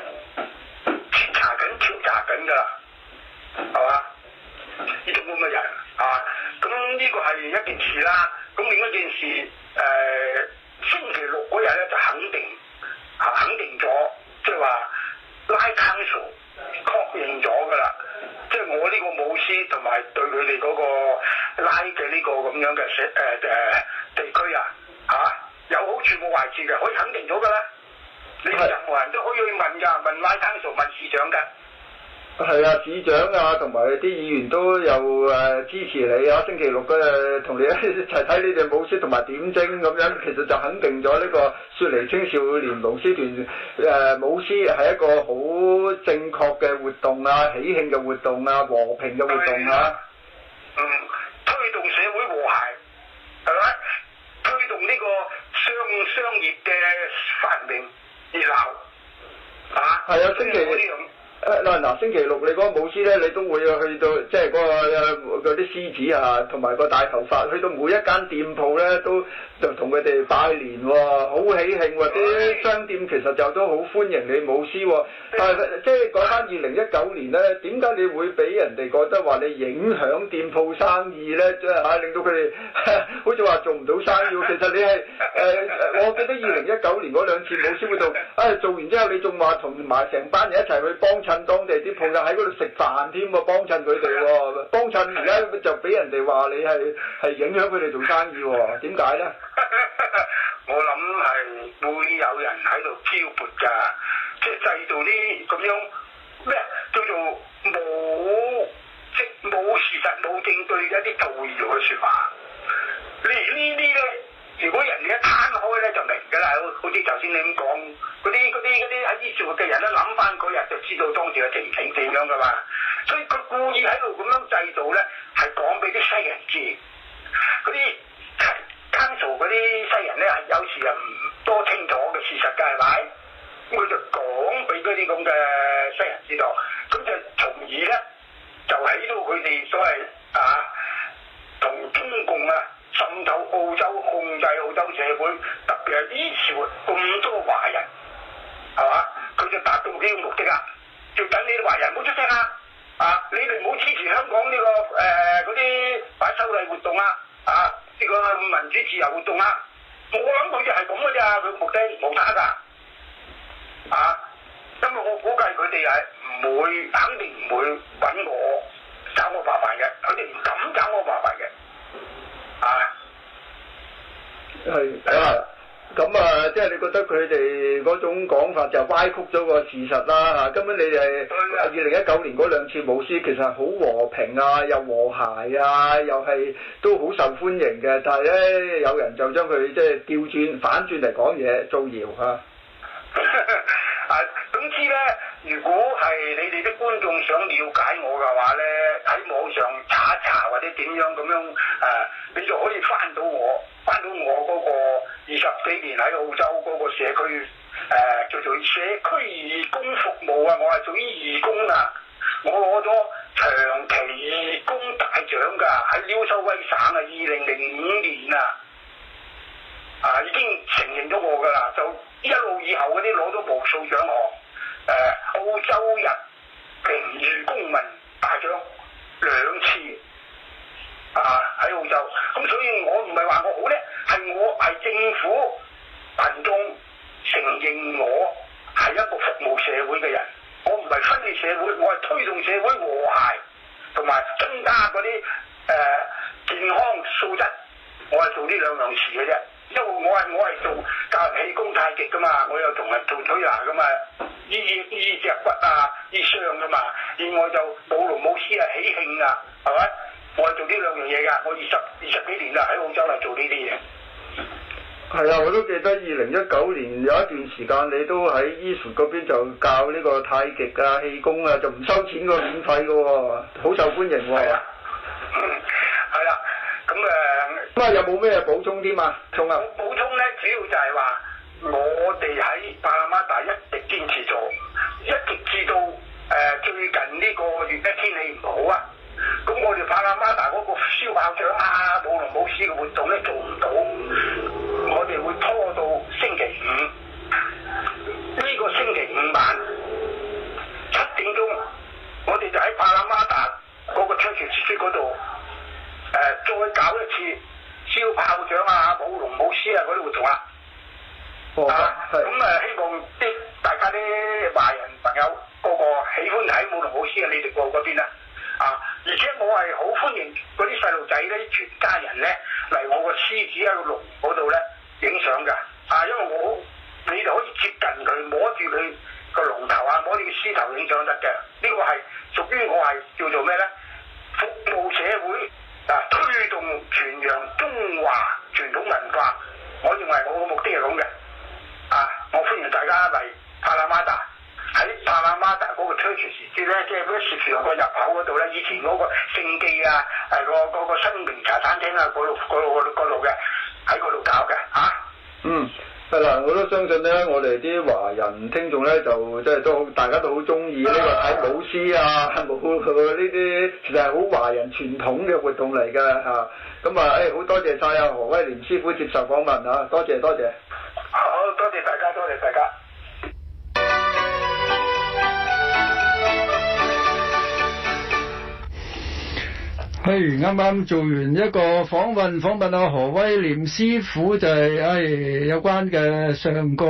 調查緊、調查緊㗎啦，係嘛？呢種咁嘅人，係嘛？咁呢個係一件事啦。咁另一件事，誒、呃、星期六嗰日咧就肯定，嚇、啊、肯定咗，即係話拉 Council 確認咗㗎啦。即、就、係、是、我呢個舞獅同埋對佢哋嗰個拉嘅呢個咁樣嘅誒誒地區啊，嚇。有好處冇壞處嘅，可以肯定到噶啦。你任何人都可以去問噶，問拉登熟問市長噶。係啊，市長啊，同埋啲議員都有誒、呃、支持你啊。星期六嘅、啊、同你一齊睇你哋舞獅同埋點睛咁樣，其實就肯定咗呢個雪梨青少年舞獅團誒舞獅係一個好正確嘅活動啊，喜慶嘅活動啊，和平嘅活動啊。啊嗯。商業嘅繁榮熱鬧嚇？係啊，星期。誒嗱嗱，星期六你個舞獅咧，你都會去到，即、就、係、是那個嗰啲獅子啊，同埋個大頭佛去到每一間店鋪咧，都就同佢哋拜年，好喜慶，或者商店其實就都好歡迎你舞獅，但、啊、係、啊、即係講翻，二零一九年咧，點解你會俾人哋覺得話你影響店鋪生意咧？即係嚇令到佢哋、啊、好似話做唔到生意。啊、其實你係誒誒我記得二零一九年嗰兩次舞獅度誒做完之後你仲話同埋成班人一齊去幫。趁當地啲朋友喺嗰度食飯添喎，幫襯佢哋喎，幫襯而家就俾人哋話你係係影響佢哋做生意喎，點解咧？ 我諗係會有人喺度挑撥㗎，即係製造啲咁樣咩叫做冇即冇事實冇證據嘅一啲造謠嘅説話，你呢啲咧。如果人哋一攤開咧就明㗎啦，好，似頭先你咁講，嗰啲嗰啲嗰啲喺呢度嘅人咧，諗翻嗰日就知道當時嘅情景點樣㗎嘛。所以佢故意喺度咁樣製造咧，係講俾啲西人知。嗰啲 consul 嗰啲西人咧係有時又唔多清楚嘅事實㗎，係咪？佢就講俾嗰啲咁嘅西人知道，咁就，就從而咧就喺到佢哋所謂啊同中共啊。滲透澳洲，控制澳洲社會，特別係呢次喎咁多華人，係嘛？佢就達到呢個目的啊！就等你啲華人唔好出聲啦，啊！你哋唔好支持香港呢、這個誒嗰啲擺修例活動啊，啊！呢、這個民主自由活動啊！我諗佢就係咁嘅啫，佢目的冇打㗎，啊！因為我估計佢哋係唔會，肯定唔會揾我找我麻煩嘅，佢哋唔敢找我麻煩嘅。啊，係是啊，咁啊，即係你覺得佢哋嗰種講法就歪曲咗個事實啦，吓、啊，根本你哋二零一九年嗰兩次舞獅其實好和平啊，又和諧啊，又係都好受歡迎嘅，但係咧、哎、有人就將佢即係調轉，轉反轉嚟講嘢，造謠吓。啊 啊總之咧，如果係你哋啲觀眾想了解我嘅話咧，喺網上查一查或者點樣咁樣，誒、呃，你就可以翻到我，翻到我嗰個二十幾年喺澳洲嗰個社區誒、呃、叫做社區義工服務啊，我係屬於義工啊，我攞咗長期義工大獎㗎，喺紐修威省啊，二零零五年啊，啊、呃、已經承認咗我㗎啦，就一路以後嗰啲攞咗無數獎項。誒、呃、澳洲人平譽公民，大獎兩次啊！喺澳洲，咁所以我唔係話我好叻，係我係政府、民眾承認我係一個服務社會嘅人，我唔係分裂社會，我係推動社會和諧同埋增加嗰啲誒健康素質，我係做呢兩樣嘢嘅啫。因為我係我係做教人氣功太極噶嘛，我又同人做推拿噶嘛，醫醫隻骨啊，醫傷噶嘛。另外就舞龍舞獅啊，喜慶啊，係咪？我係做呢兩樣嘢㗎。我二十二十幾年啦，喺澳洲係做呢啲嘢。係啊，我都記得二零一九年有一段時間，你都喺 Eason 嗰邊就教呢個太極啊、氣功啊，就唔收錢㗎，免費㗎喎，好受歡迎喎。係啊。係啦，咁誒。咁有冇咩補充啲嘛？補充？我補充咧，主要就係話我哋喺帕拉馬達一直堅持做，一直至到誒、呃、最近呢個月即天氣唔好啊，咁我哋帕拉馬達嗰個燒炮仗啊、舞龍舞獅嘅活動咧做唔到，我哋會拖到星期五，呢、這個星期五晚七點鐘，我哋就喺帕拉馬達嗰個昌泉社區嗰度誒再搞一次。燒炮仗啊，舞龍舞獅啊嗰啲活動啊，哦、啊，咁、嗯、啊希望啲、哎、大家啲華人朋友個個喜歡睇舞龍舞獅啊！你哋過嗰邊啦，啊，而且我係好歡迎嗰啲細路仔咧、全家人咧嚟我個獅子喺個龍嗰度咧影相噶，啊，因為我你就可以接近佢，摸住佢個龍頭啊，摸住個獅頭影相得嘅，呢個係屬於我係叫做咩咧？服務社會。啊！推動傳揚中華傳統文化，我認為我個目的係咁嘅。啊！我歡迎大家嚟帕拉馬達，喺帕拉馬達嗰個推出時節咧，即係嗰個入口嗰度咧，以前嗰個聖記啊，係、啊、個、嗰個新明茶餐廳啊，嗰度度嘅喺嗰度搞嘅嚇。嗯。係啦，我都相信咧，我哋啲華人聽眾咧就即係都大家都好中意呢個睇舞獅啊、舞呢啲，其實係好華人傳統嘅活動嚟嘅。嚇。咁啊，誒、啊、好、哎、多謝晒啊何威廉師傅接受訪問啊，多謝多謝。好多謝大家，多謝大家。譬如啱啱做完一個訪問，訪問阿何威廉師傅就係、是，唉、哎，有關嘅上個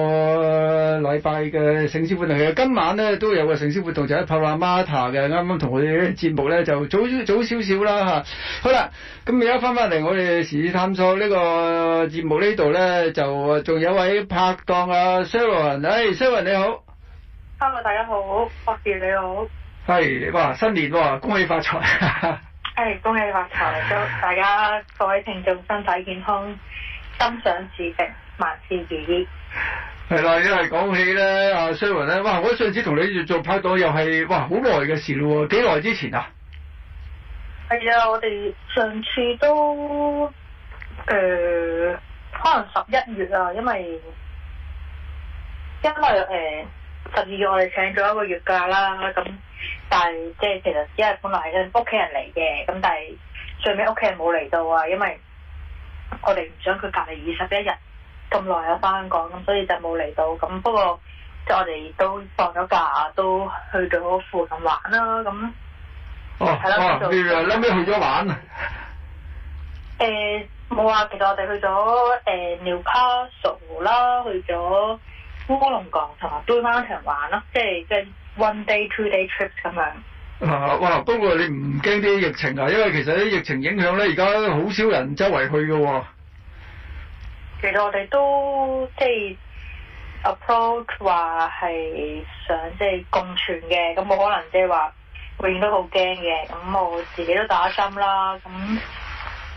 禮拜嘅醒獅活動。其實今晚咧都有個醒獅活動，就係 Parramatta 嘅。啱啱同我哋啲節目咧就早早少少啦嚇。好啦，咁而家翻翻嚟我哋時事探索個節呢個節目呢度咧，就仲有位拍檔阿、啊、Sherwin 唉、哎、Sherwin 你好，hello 大家好，博士你好，係、hey, 哇新年哇，恭喜發財。 係恭喜發財！祝大家各位聽眾身體健康，心想事成，萬事如意。係啦， 因為講起咧，阿 Sherwin 咧，哇！我上次同你做拍檔又係哇，好耐嘅事咯，幾耐之前啊？係啊，我哋上次都誒、呃，可能十一月啊，因為因為誒十二月我哋請咗一個月假啦，咁。但係即係其實只係本來係屋企人嚟嘅，咁但係最尾屋企人冇嚟到啊，因為我哋唔想佢隔離二十一日咁耐又翻香港，咁所以就冇嚟到。咁不過即係我哋都放咗假都去咗附近玩啦。咁哦，係啦，你又啱啱去咗玩啊？誒，冇、呃、啊，其實我哋去咗誒 Newcastle 啦，呃、New o，去咗。烏龍港同埋堆翻一齊玩咯，即係即係 one day two day trip 咁樣、啊。哇，不過你唔驚啲疫情啊？因為其實啲疫情影響咧，而家好少人周圍去嘅喎。其實我哋都即係 approach 話係想即係共存嘅，咁冇可能即係話永遠都好驚嘅。咁我自己都打針啦，咁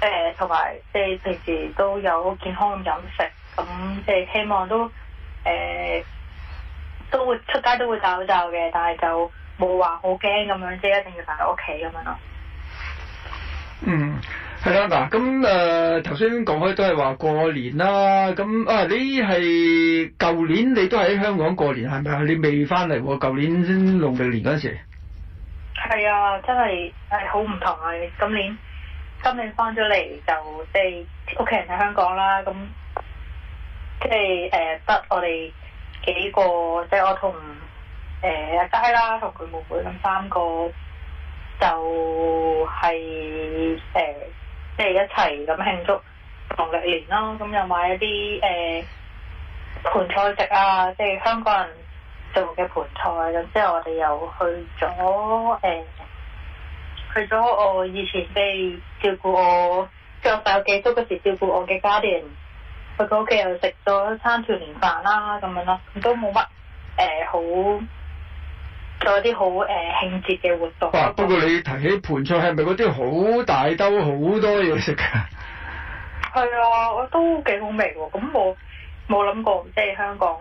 誒同埋即係平時都有健康飲食，咁即係希望都。誒、欸，都會出街都會戴口罩嘅，但係就冇話好驚咁樣啫，一定要翻到屋企咁樣咯。嗯，係啦嗱，咁誒頭先講開都係話過年啦，咁啊你係舊年你都喺香港過年係咪啊？你未翻嚟喎，舊年先農曆年嗰陣時。係啊、嗯，真係係好唔同啊！今年，今年翻咗嚟，就即係屋企人喺香港啦，咁、嗯。即係誒得我哋幾個，即係我同誒阿齋啦，同、呃、佢妹妹咁三,三個就係誒即係一齊咁慶祝同曆年咯。咁、嗯、又買一啲誒盆菜食啊，即係香港人做嘅盆菜。咁之後我哋又去咗誒、呃、去咗我以前俾照顧我長大寄宿時照顧我嘅家庭。去到屋企又食咗餐團圓飯啦，咁樣咯、啊，都冇乜誒好，仲有啲好誒慶節嘅活動。哇啊、不過你提起盤菜是是盤，係咪嗰啲好大兜好多嘢食噶？係啊，我都幾好味喎！咁我冇諗過，即係香港，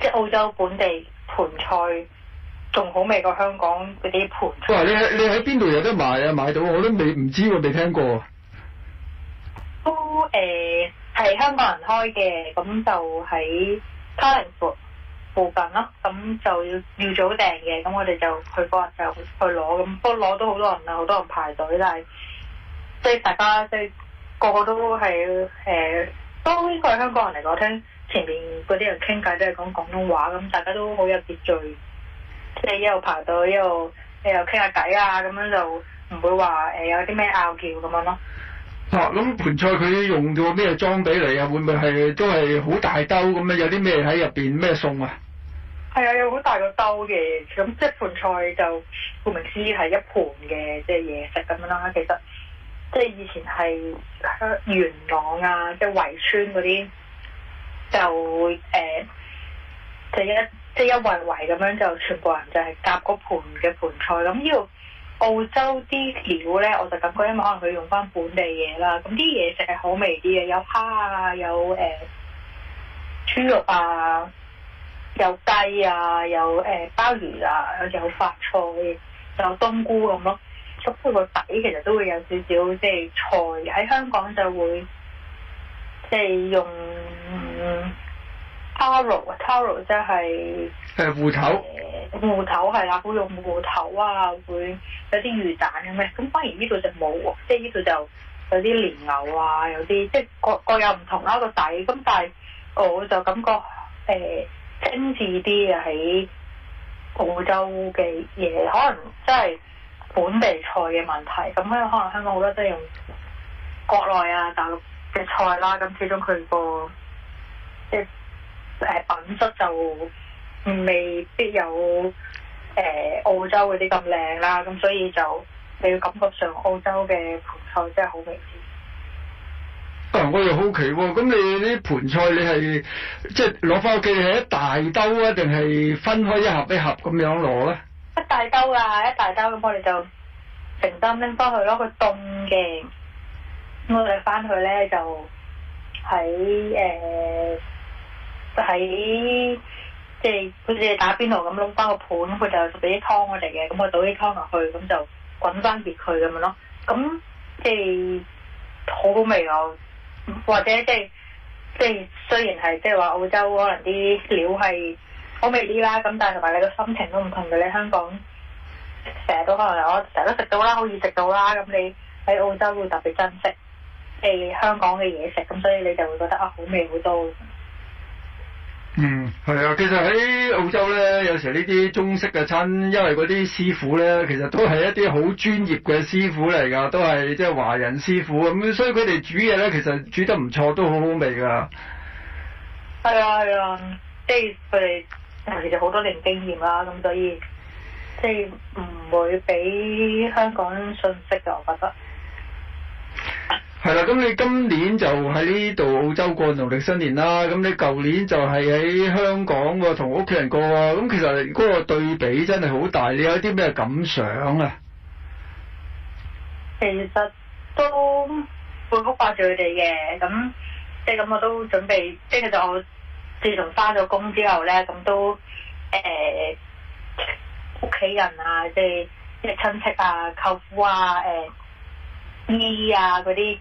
即係澳洲本地盤菜仲好味過香港嗰啲盤菜。你喺你喺邊度有得買啊？買到我都未唔知，我未聽過。都誒。欸係香港人開嘅，咁就喺嘉陵湖附近咯，咁就要要早訂嘅，咁我哋就去嗰日、那個、就去攞，咁不過攞到好多人啊，好多人排隊，但係即係大家即係個個都係誒、呃，都呢個係香港人嚟講，聽前面嗰啲人傾偈都係講廣東話咁，大家都好有秩序，即係一路排隊又又傾下偈啊，咁樣就唔會話誒、呃、有啲咩拗撬咁樣咯。哦，咁盤、啊、菜佢用咗咩裝俾你啊？會唔會係都係好大兜咁樣？有啲咩喺入邊？咩餸啊？係啊，有好大個兜嘅，咁、嗯、即係盤菜就顧名思義係一盤嘅，即係嘢食咁樣啦。其實即係以前係元朗啊，即係圍村嗰啲就誒即、欸、一即係一圍圍咁樣，就全部人就係夾嗰盤嘅盤菜，咁、嗯、要。澳洲啲料咧，我就感覺因為可能佢用翻本地嘢啦，咁啲嘢食係好味啲嘅，有蝦啊，有誒豬肉啊，有雞啊，有誒鮑魚啊，有有發菜，有冬菇咁咯。咁個底其實都會有少少即係菜，喺香港就會即係用。嗯 Taro 啊，Taro 即係誒芋頭，芋頭係啦，會用芋頭啊，會有啲魚蛋咁嘅，咁反而呢度就冇喎，即係呢度就有啲蓮藕啊，有啲即係各各有唔同啦個底，咁但係我就感覺誒精緻啲嘅喺澳洲嘅嘢，可能即係本地菜嘅問題，咁咧可能香港好多都係用國內啊大陸嘅菜啦，咁始終佢個即係。誒品質就未必有誒、呃、澳洲嗰啲咁靚啦，咁所以就你感覺上澳洲嘅盤菜真係好味啲。啊，我又好奇喎、哦！咁你啲盤菜你係即係攞翻屋企係一大兜啊，定係分開一盒一盒咁樣攞咧？一大兜啊，一大兜咁、啊，啊、我哋就成箱拎翻去咯。佢凍嘅，我哋翻去咧就喺誒。呃喺即係好似你打邊爐咁，攞翻個盤，佢就俾啲湯我哋嘅，咁我倒啲湯落去，咁就滾翻熱佢咁樣咯。咁即係好好味啊！或者即係即係雖然係即係話澳洲可能啲料係好味啲啦，咁但係同埋你個心情都唔同嘅。你香港成日都可能我成日都食到啦，好易食到啦，咁你喺澳洲會特別珍惜誒、欸、香港嘅嘢食，咁所以你就會覺得啊好味好多。嗯，係啊，其實喺澳洲咧，有時候呢啲中式嘅餐，因為嗰啲師傅咧，其實都係一啲好專業嘅師傅嚟噶，都係即係華人師傅咁，嗯，所以佢哋煮嘢咧，其實煮得唔錯，都好好味噶。係啊係啊，即係佢哋其實好多年經驗啦，咁所以即係唔會俾香港信息嘅，我覺得。係啦，咁你今年就喺呢度澳洲過農曆新年啦。咁你舊年就係喺香港喎，同屋企人過喎。咁其實嗰個對比真係好大。你有啲咩感想啊？其實都好掛住佢哋嘅。咁即係咁，就係、我都準備即係就係，自從翻咗工之後咧，咁都誒屋企人啊，即係即係親戚啊、舅父啊、誒、呃、姨啊嗰啲。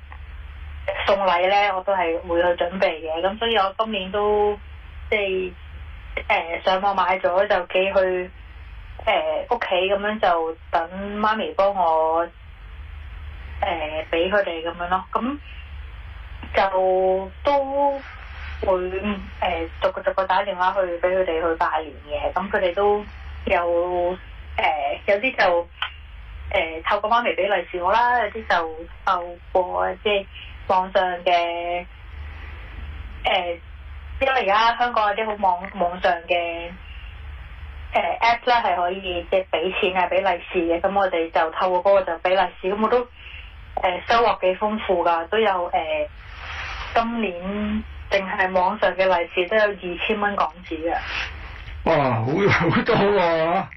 送禮咧，我都係會去準備嘅，咁所以我今年都即係誒、呃、上網買咗就寄去誒屋企，咁樣就等媽咪幫我誒俾佢哋咁樣咯。咁就都會誒、呃、逐個逐個打電話去俾佢哋去拜年嘅，咁佢哋都有誒有啲就誒透過媽咪俾利是我啦，有啲就透過即係。網上嘅，誒、呃，因為而家香港有啲好網網上嘅，誒、呃，app 咧係可以即係俾錢啊，俾利是嘅，咁我哋就透過嗰個就俾利是，咁我都，誒、呃，收穫幾豐富噶，都有誒、呃，今年淨係網上嘅利是都有二千蚊港紙啊！哇，好好多啊！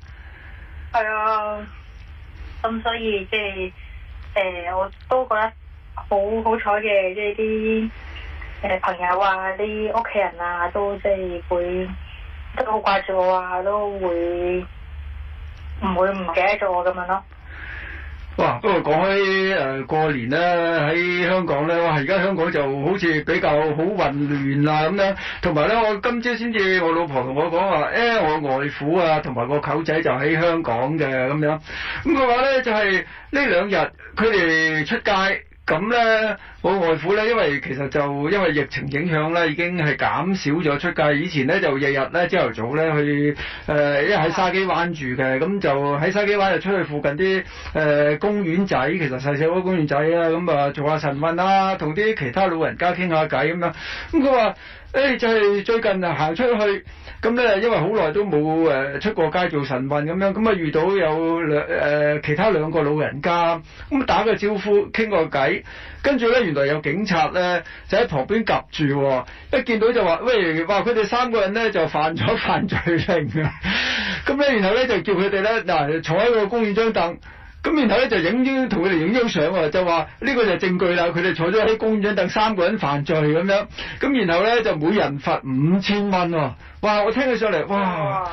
係 啊，咁所以即係，誒、就是呃，我都覺得。好好彩嘅，即係啲誒朋友啊，啲屋企人啊，都即係會都好掛住我啊，都會唔會唔記得咗我咁樣咯？哇！不過講起誒、呃、過年咧，喺香港咧，哇！而家香港就好似比較好混亂啦咁樣，同埋咧，我今朝先至，我老婆同我講話誒，我外父啊，同埋個舅仔就喺香港嘅咁樣，咁佢話咧就係呢兩日佢哋出街。咁呢，我外父呢，因為其實就因為疫情影響呢，已經係減少咗出街。以前呢，就日日呢朝頭早呢去誒，一、呃、喺沙基灣住嘅，咁、嗯、就喺沙基灣就出去附近啲誒、呃、公園仔，其實細細嗰公園仔啦，咁、嗯、啊做下晨運啦，同啲其他老人家傾下偈咁樣。咁佢話誒，就、嗯、係、欸、最，最近行出去。咁咧，因為好耐都冇誒出過街做晨運咁樣，咁啊遇到有兩誒其他兩個老人家，咁打個招呼傾個偈，跟住咧原來有警察咧就喺旁邊夾住，一見到就話：喂，哇！佢哋三個人咧就犯咗犯罪性咧，咁 咧然後咧就叫佢哋咧嗱坐喺個公園張凳。咁然後咧就影咗同佢哋影張相喎，就話呢個就證據啦。佢哋坐咗喺公園張凳三個人犯罪咁樣，咁然後咧就每人罰五千蚊喎。哇！我聽佢上嚟，哇，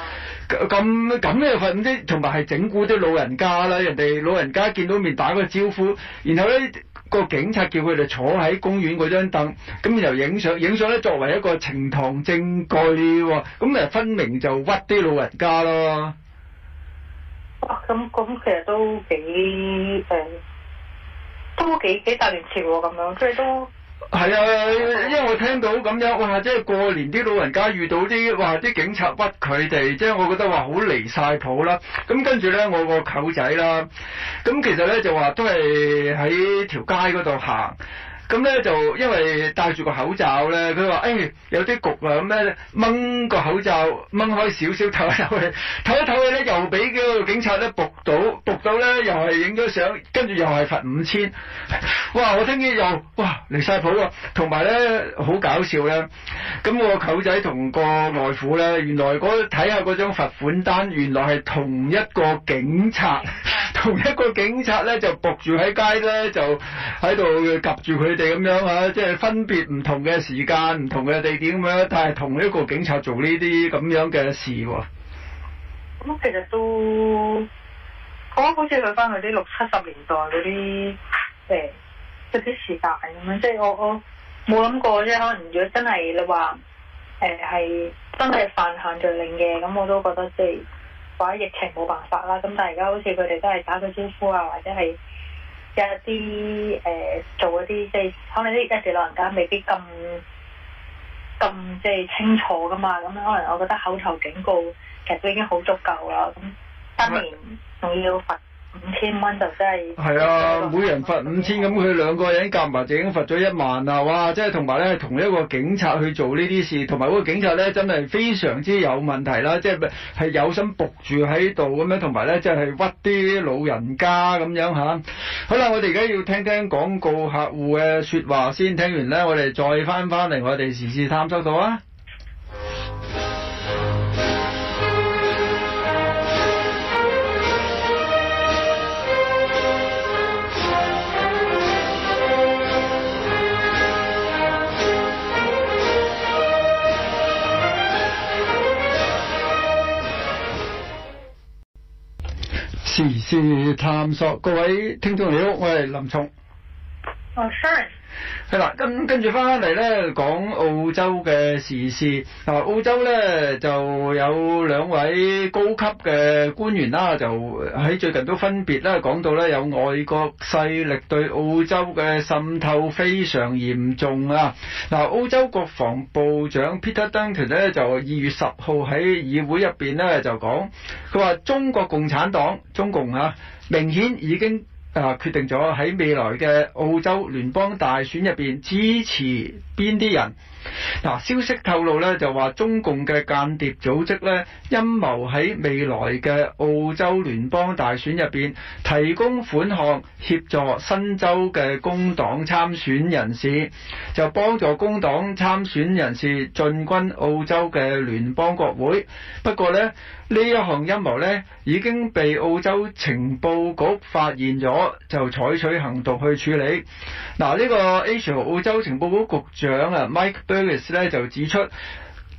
咁咁樣罰五千，同埋係整蠱啲老人家啦。人哋老人家見到面打個招呼，然後咧個警察叫佢哋坐喺公園嗰張凳，咁然後影相，影相咧作為一個呈堂證據喎。咁誒分明就屈啲老人家咯。咁咁、啊、其實都幾誒、嗯，都幾幾大年頭喎，咁樣即係都係啊！因為我聽到咁樣，哇！即係過年啲老人家遇到啲，哇！啲警察屈佢哋，即係我覺得話好離晒譜啦。咁跟住咧，我個舅仔啦，咁其實咧就話都係喺條街嗰度行。咁咧就因為戴住、哎、個口罩咧，佢話誒有啲焗啊，咁咧，掹個口罩掹開少少頭嚟，唞一唞咧，又俾個警察咧仆到，仆到咧又係影咗相，跟住又係罰五千。哇！我聽見又哇離晒譜啊，同埋咧好搞笑咧。咁我舅仔同個外父咧，原來嗰睇下張罰款單，原來係同一個警察，同一個警察咧就仆住喺街咧，就喺度夾住佢哋咁樣啊，即係分別唔同嘅時間、唔同嘅地點咁樣，但係同一個警察做呢啲咁樣嘅事喎啊。咁其實都，我覺得好似去翻佢啲六七十年代嗰啲誒嗰啲時代咁樣。即係我我冇諗過啫。可能如果真係你話誒係真係犯限聚令嘅，咁我都覺得即係，話疫情冇辦法啦。咁但係而家好似佢哋都係打個招呼啊，或者係。一啲誒、呃、做一啲即係可能啲一啲老人家未必咁咁即係清楚噶嘛，咁樣可能我覺得口頭警告其實都已經好足夠啦，咁當年仲要罰。Mm-hmm. 五千蚊就真係，係啊！每人罰五千，咁佢、嗯、兩個人夾埋就已經罰咗一萬啦！哇，即係同埋咧，同一個警察去做呢啲事，同埋嗰個警察咧，真係非常之有問題啦！即係係有心僕住喺度咁樣，同埋咧即係屈啲老人家咁樣嚇、啊。好啦，我哋而家要聽聽廣告客戶嘅説話先，聽完咧，我哋再翻返嚟我哋時事探索度啊！時事探索，各位聽眾你好，我係林松。哦，sorry。係啦，咁跟住翻翻嚟咧，講澳洲嘅時事。嗱，澳洲咧就有兩位高級嘅官員啦，就喺最近都分別咧講到咧，有外國勢力對澳洲嘅滲透非常嚴重啊。嗱，澳洲國防部長 Peter Dutton 咧就二月十號喺議會入邊咧就講，佢話中國共產黨中共啊明顯已經。啊！決定咗喺未來嘅澳洲聯邦大選入邊支持邊啲人。嗱、啊,消息透露咧就話中共嘅間諜組織咧陰謀喺未來嘅澳洲聯邦大選入邊提供款項協助新州嘅工黨參選人士，就幫助工黨參選人士進軍澳洲嘅聯邦國會。不過咧。呢一行陰謀呢，已經被澳洲情報局發現咗，就採取行動去處理。嗱、啊，呢、這個澳洲情報局局長啊，Mike Burgess 呢，就指出，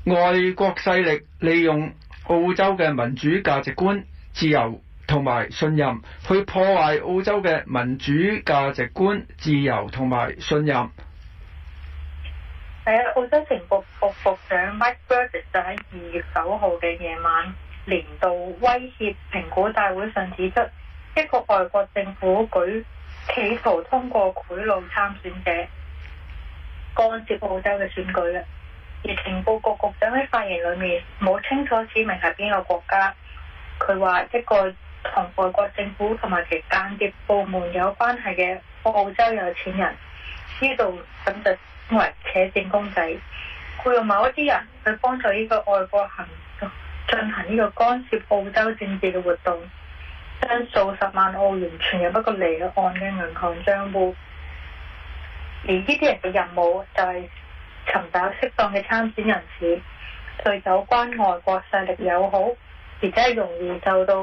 外國勢力利用澳洲嘅民主價值觀、自由同埋信任，去破壞澳洲嘅民主價值觀、自由同埋信任。係啊，澳洲情報局局長 Mike Burgess 就喺二月九號嘅夜晚，年度威脅評估大會上指出，一個外國政府舉企圖通過賄賂參選者干涉澳洲嘅選舉啦。而情報局局、局長喺發言裏面冇清楚指明係邊個國家。佢話一個同外國政府同埋其間諜部門有關係嘅澳洲有錢人，呢度咁就稱為扯線公仔，佢用某一啲人去幫助呢個外國行進行呢個干涉澳洲政治嘅活動，將數十萬澳元存入一個離岸嘅銀行帳戶。而呢啲人嘅任務就係尋找適當嘅參選人士，對有關外國勢力友好，而且容易受到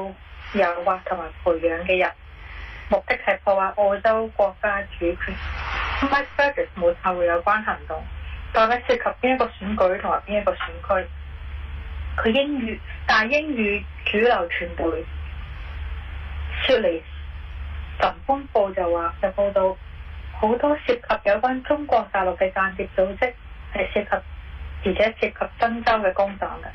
誘惑同埋培養嘅人。目的係破壞澳洲國家主權。My t a 冇透露有關行動，到底涉及邊一個選舉同埋邊一個選區？佢英語，但英語主流傳媒出嚟，晨風報就話就報道好多涉及有關中國大陸嘅間諜組織係涉及，而且涉及新州嘅工黨嘅。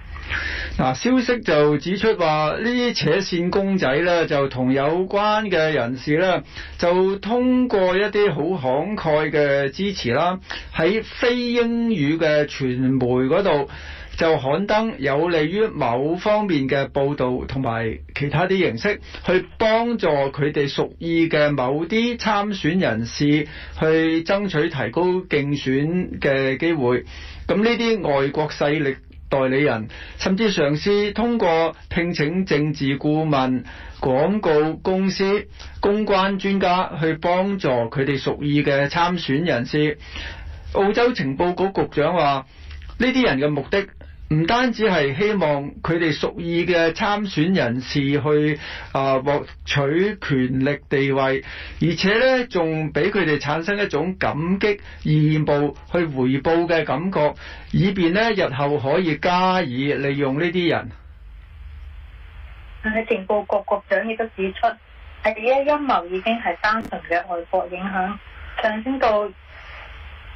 嗱、啊，消息就指出話呢啲扯線公仔咧，就同有關嘅人士咧，就通過一啲好慷慨嘅支持啦，喺非英語嘅傳媒嗰度。就刊登有利於某方面嘅報道同埋其他啲形式，去幫助佢哋屬意嘅某啲參選人士去爭取提高競選嘅機會，咁呢啲外國勢力代理人甚至嘗試通過聘請政治顧問、廣告公司、公關專家去幫助佢哋屬意嘅參選人士。澳洲情報局局，局長話呢啲人嘅目的。唔單止係希望佢哋屬意嘅參選人士去啊獲取權力地位，而且咧仲俾佢哋產生一種感激義務去回報嘅感覺，以便咧日後可以加以利用呢啲人。但係情報局局長亦都指出，呢啲陰謀已經係單純嘅外國影響，上升到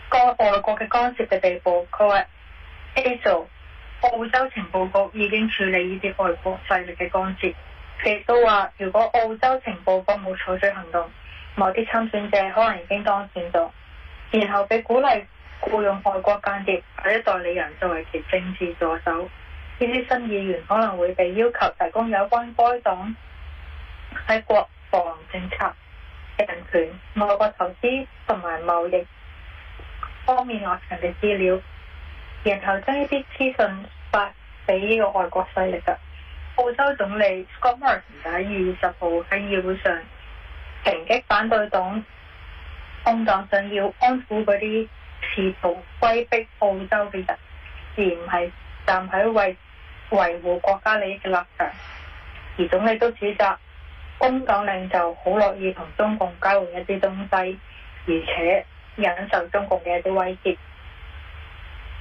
個外國嘅干涉嘅地步。佢話，Azo。澳洲情報局已經處理呢啲外國勢力嘅干涉，佢亦都話，如果澳洲情報局冇採取行動，某啲參選者可能已經當選咗，然後被鼓勵僱用外國間諜或者代理人作為其政治助手。呢啲新議員可能會被要求提供有關該黨喺國防政策，嘅人權、外國投資同埋貿易方面落場嘅資料。然後將呢啲資訊發俾呢個外國勢力嘅。澳洲總理 Scott Morrison 喺二月十號喺議會上抨擊反對黨工黨，想要安撫嗰啲試圖威逼澳洲嘅人而，而唔係站喺為維護國家利益嘅立場。而總理都指責工黨領袖好樂意同中共交換一啲東西，而且忍受中共嘅一啲威脅。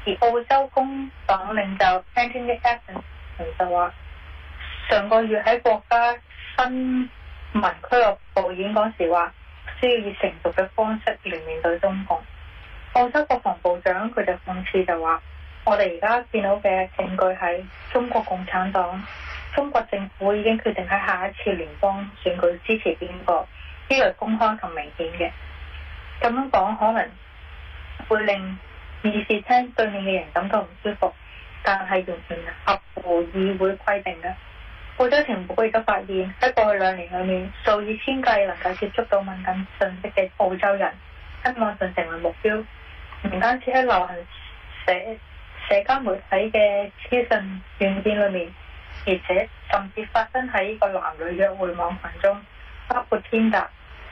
而澳洲工黨領袖 Anthony Albanese 就話上個月喺國家新聞俱樂部演講時話，需要以成熟嘅方式嚟面對中共。澳洲國防部長佢就諷刺就話，我哋而家見到嘅證據係中國共產黨中國政府已經決定喺下一次聯邦選舉支持邊個呢個公開同明顯嘅。咁樣講可能會令。二是聽對面嘅人感到唔舒服，但係完全合乎議會規定嘅。澳洲情報局亦都發現，喺過去兩年裏面，數以千計能夠接觸到敏感信息嘅澳洲人，喺網上成為目標。唔單止喺流行社社交媒體嘅資訊軟件裏面，而且甚至發生喺呢個男女約會網群中，包括天達、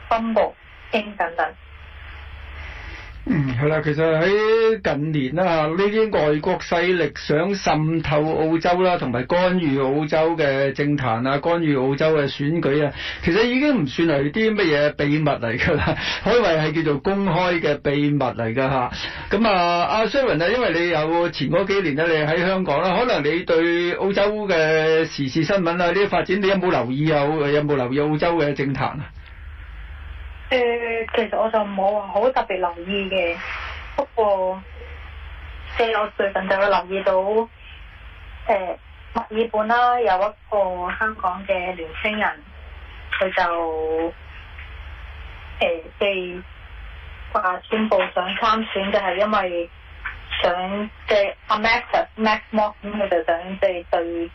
分佈、應等等。嗯，係啦，其實喺近年啦，呢啲外國勢力想滲透澳洲啦，同埋干預澳洲嘅政壇啊，干預澳洲嘅選舉啊，其實已經唔算係啲乜嘢秘密嚟㗎啦，可以話係叫做公開嘅秘密嚟㗎嚇。咁啊，阿 Sharon 啊，因為你有前嗰幾年咧，你喺香港啦，可能你對澳洲嘅時事新聞啊，呢啲發展你有冇留意啊？有冇留意澳洲嘅政壇啊？誒、呃，其實我就冇話好特別留意嘅，不過即係我最近就會留意到，誒、呃，墨爾本啦、啊、有一個香港嘅年輕人，佢就誒即係話宣布想參選，就係因為想即係阿 Mac Mac Mac，咁佢就想即係對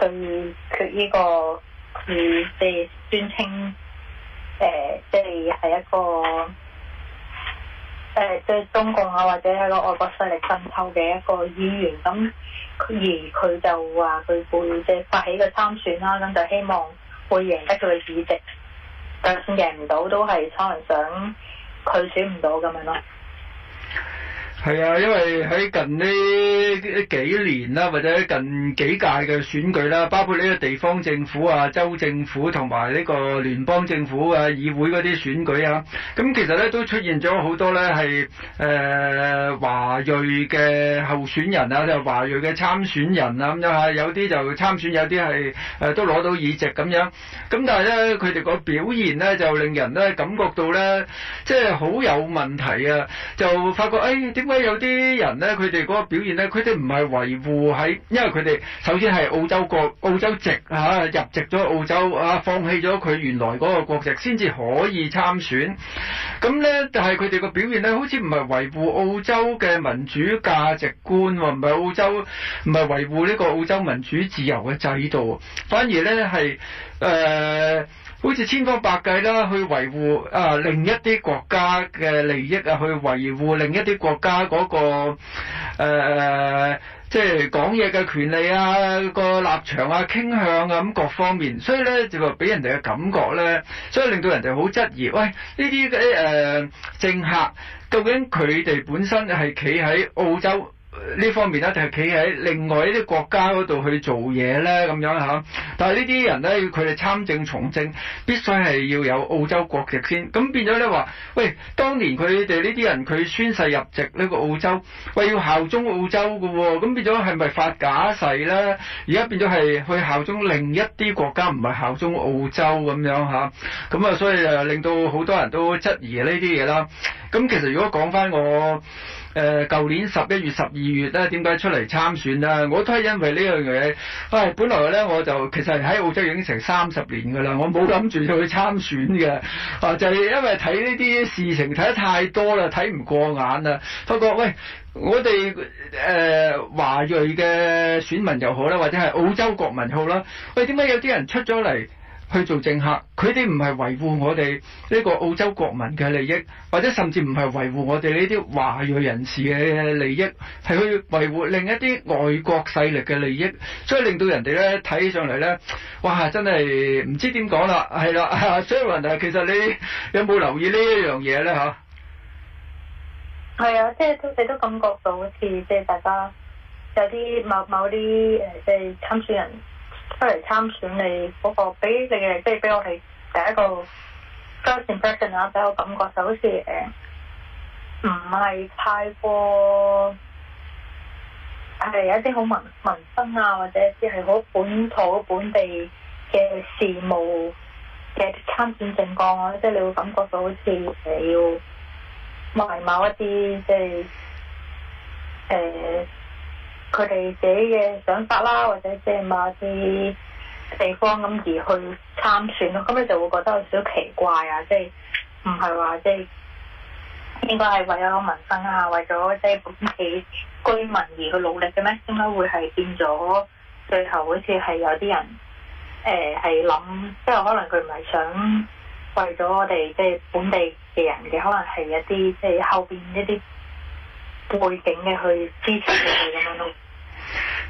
對決呢、這個佢哋宣稱。誒、呃，即係係一個誒、呃，即係中共啊，或者係個外國勢力滲透嘅一個議員，咁。而佢就話佢會即係發起個參選啦，咁就希望會贏得佢嘅議席，但係贏唔到都係可能想佢選唔到咁樣咯。係啊，因為喺近呢幾年啦，或者近幾屆嘅選舉啦，包括呢個地方政府啊、州政府同埋呢個聯邦政府啊、議會嗰啲選舉啊，咁其實咧都出現咗好多咧係誒華裔嘅候選人啊，即係華裔嘅參選人啊咁樣嚇，有啲就參選，有啲係誒都攞到議席咁樣。咁但係咧，佢哋個表現咧就令人咧感覺到咧，即係好有問題啊！就發覺誒點？哎有啲人呢，佢哋嗰個表現呢，佢哋唔係維護喺，因為佢哋首先係澳洲國澳洲籍嚇、啊、入籍咗澳洲啊，放棄咗佢原來嗰個國籍，先至可以參選。咁呢，但係佢哋個表現呢，好似唔係維護澳洲嘅民主價值觀喎，唔係澳洲，唔係維護呢個澳洲民主自由嘅制度，反而呢，係誒。呃好似千方百計啦，去維護啊另一啲國家嘅利益啊，去維護另一啲國家嗰、個誒，即、呃、係、係、講嘢嘅權利啊，個立場啊、傾向啊咁各方面。所以咧，就話俾人哋嘅感覺咧，所以令到人哋好質疑，喂呢啲嘅誒政客，究竟佢哋本身係企喺澳洲？呢方面呢、啊，就係企喺另外一啲國家嗰度去做嘢呢。咁樣嚇、啊，但係呢啲人呢佢哋參政從政必須係要有澳洲國籍先，咁變咗呢話，喂，當年佢哋呢啲人佢宣誓入籍呢、這個澳洲，喂要效忠澳洲嘅喎、哦，咁變咗係咪發假誓呢？而家變咗係去效忠另一啲國家，唔係效忠澳洲咁樣嚇、啊，咁啊，啊所以誒令到好多人都質疑呢啲嘢啦。咁、啊、其實如果講翻我。誒，舊年十一月、十二月咧，點解出嚟參選咧？我都係因為呢樣嘢，啊，本來咧我就其實喺澳洲已經成三十年㗎啦，我冇諗住去參選嘅，啊，就係因為睇呢啲事情睇得太多啦，睇唔過眼啦！不過，喂，我哋誒華裔嘅選民又好啦，或者係澳洲國民好啦，喂，點解有啲人出咗嚟？去做政客，佢哋唔係維護我哋呢個澳洲國民嘅利益，或者甚至唔係維護我哋呢啲華裔人士嘅利益，係去維護另一啲外國勢力嘅利益，所以令到人哋咧睇起上嚟咧，哇！真係唔知點講啦，係啦，Sherwin 啊，Sharon，其實你有冇留意呢一樣嘢咧？吓，係啊，即係都你都感覺到好似即係大家有啲某某啲誒即係參選人。出嚟參選你、那個，你嗰個俾你嘅，即係俾我哋第一個 first impression 啊，俾我感覺就好似誒，唔、呃、唔係太過誒有一啲好民民生啊，或者啲係好本土本地嘅事務嘅參選情況啊，即係你會感覺到好似誒要賣某一啲即係誒。就是呃佢哋自己嘅想法啦，或者即係某啲地方咁而去參選咯，咁你就會覺得有少少奇怪啊！即係唔係話即係應該係為咗民生啊，為咗即係本地居民而去努力嘅咩？點解會係變咗最後好似係有啲人誒係諗，即係可能佢唔係想為咗我哋即係本地嘅人嘅，可能係一啲即係後邊一啲。背景嘅去支持佢咁樣咯。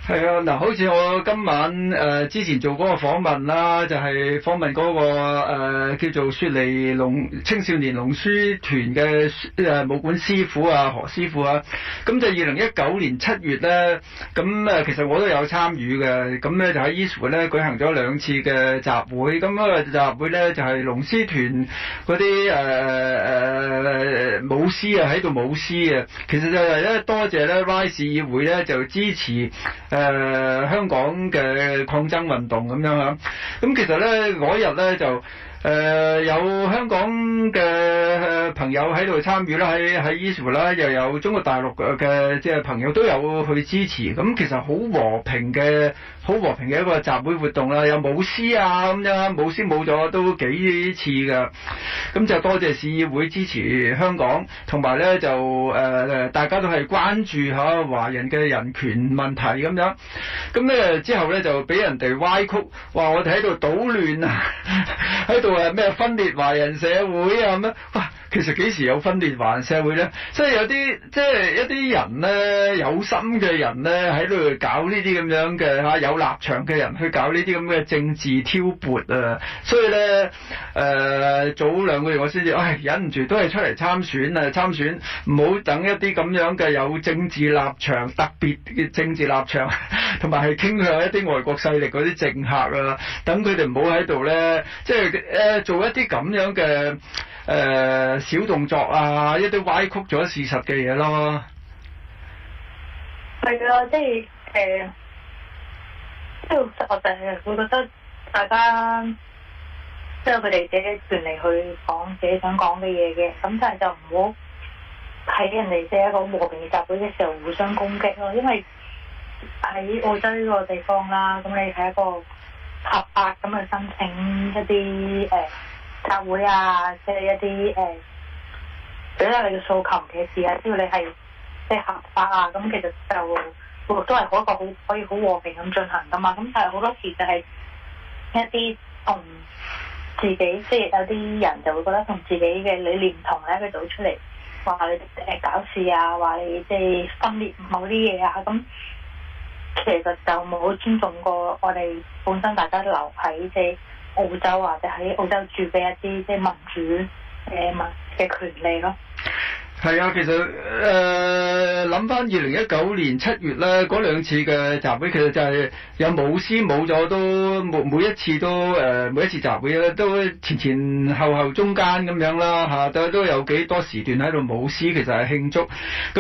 係啊，嗱，好似我今晚誒、呃、之前做嗰個訪問啦，就係、是、訪問嗰、那個誒、呃、叫做雪梨龍青少年龍獅團嘅誒武館師傅啊，何師傅啊，咁就二零一九年七月咧，咁誒其實我都有參與嘅，咁咧就喺 Eastwood 咧舉行咗兩次嘅集會，咁、那、啊、個、集會咧就係龍獅團嗰啲誒誒舞獅啊喺度舞獅啊，其實就係咧多謝咧 rise 議會咧就支持。誒、呃，香港嘅抗爭運動咁樣嚇，咁其實咧嗰日咧就誒、呃、有香港嘅朋友喺度參與啦，喺喺 Issu 啦，e、U, 又有中國大陸嘅即係朋友都有去支持，咁其實好和平嘅。好和平嘅一個集會活動啊，有舞獅啊咁樣，舞獅舞咗都幾次㗎，咁就多謝市議會支持香港，同埋咧就誒、呃、大家都係關注下華人嘅人權問題咁樣，咁咧之後咧就俾人哋歪曲，話我哋喺度搗亂啊，喺度啊咩分裂華人社會啊咁樣。其實幾時有分裂華人社會呢？即係有啲即係一啲人呢，有心嘅人呢，喺度搞呢啲咁樣嘅嚇、啊、有立場嘅人去搞呢啲咁嘅政治挑撥啊！所以呢，誒、呃、早兩個月我先至，唉、哎、忍唔住都係出嚟參選啊！參選唔好等一啲咁樣嘅有政治立場特別嘅政治立場，同埋係傾向一啲外國勢力嗰啲政客啊！等佢哋唔好喺度呢，即係誒、呃、做一啲咁樣嘅。誒、uh, 小動作啊，一啲歪曲咗事實嘅嘢咯。係啊，即係誒，即、呃、係我就係會覺得大家即係佢哋自己權利去講自己想講嘅嘢嘅，咁但係就唔好喺人哋借一個和平集會嘅時候互相攻擊咯，因為喺澳洲呢個地方啦，咁你係一個合法咁去申請一啲誒、呃集會啊，即、就、係、是、一啲誒，講、嗯、下你嘅訴求嘅事啊，只要你係即係合法啊，咁其實就都係可一個好可以好和平咁進行噶嘛。咁但係好多時就係一啲同自己即係、就是、有啲人就會覺得同自己嘅理念唔同咧，佢走出嚟話你誒搞事啊，話你即係分裂某啲嘢啊，咁其實就冇尊重過我哋，本身大家留喺即係。就是澳洲或者喺澳洲住畀一啲即係民主誒嘛嘅權利咯，係啊，其實誒諗翻二零一九年七月咧嗰兩次嘅集會其實就係有舞獅舞咗都每每一次都誒、呃、每一次集會咧都前前後後中間咁樣啦吓，嚇、啊，都都有幾多時段喺度舞獅其實係慶祝。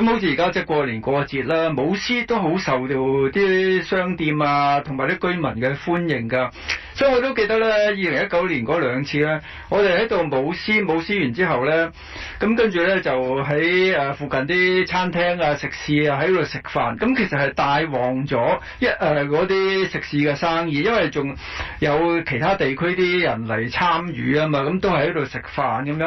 咁好似而家即係過年過節啦，舞獅都好受到啲商店啊同埋啲居民嘅歡迎噶。所以我都記得咧，二零一九年嗰兩次咧，我哋喺度舞獅，舞獅完之後咧，咁跟住咧就喺誒附近啲餐廳啊、食肆啊喺度食飯。咁其實係帶旺咗一誒嗰啲食肆嘅生意，因為仲有其他地區啲人嚟參與啊嘛，咁都喺度食飯咁樣。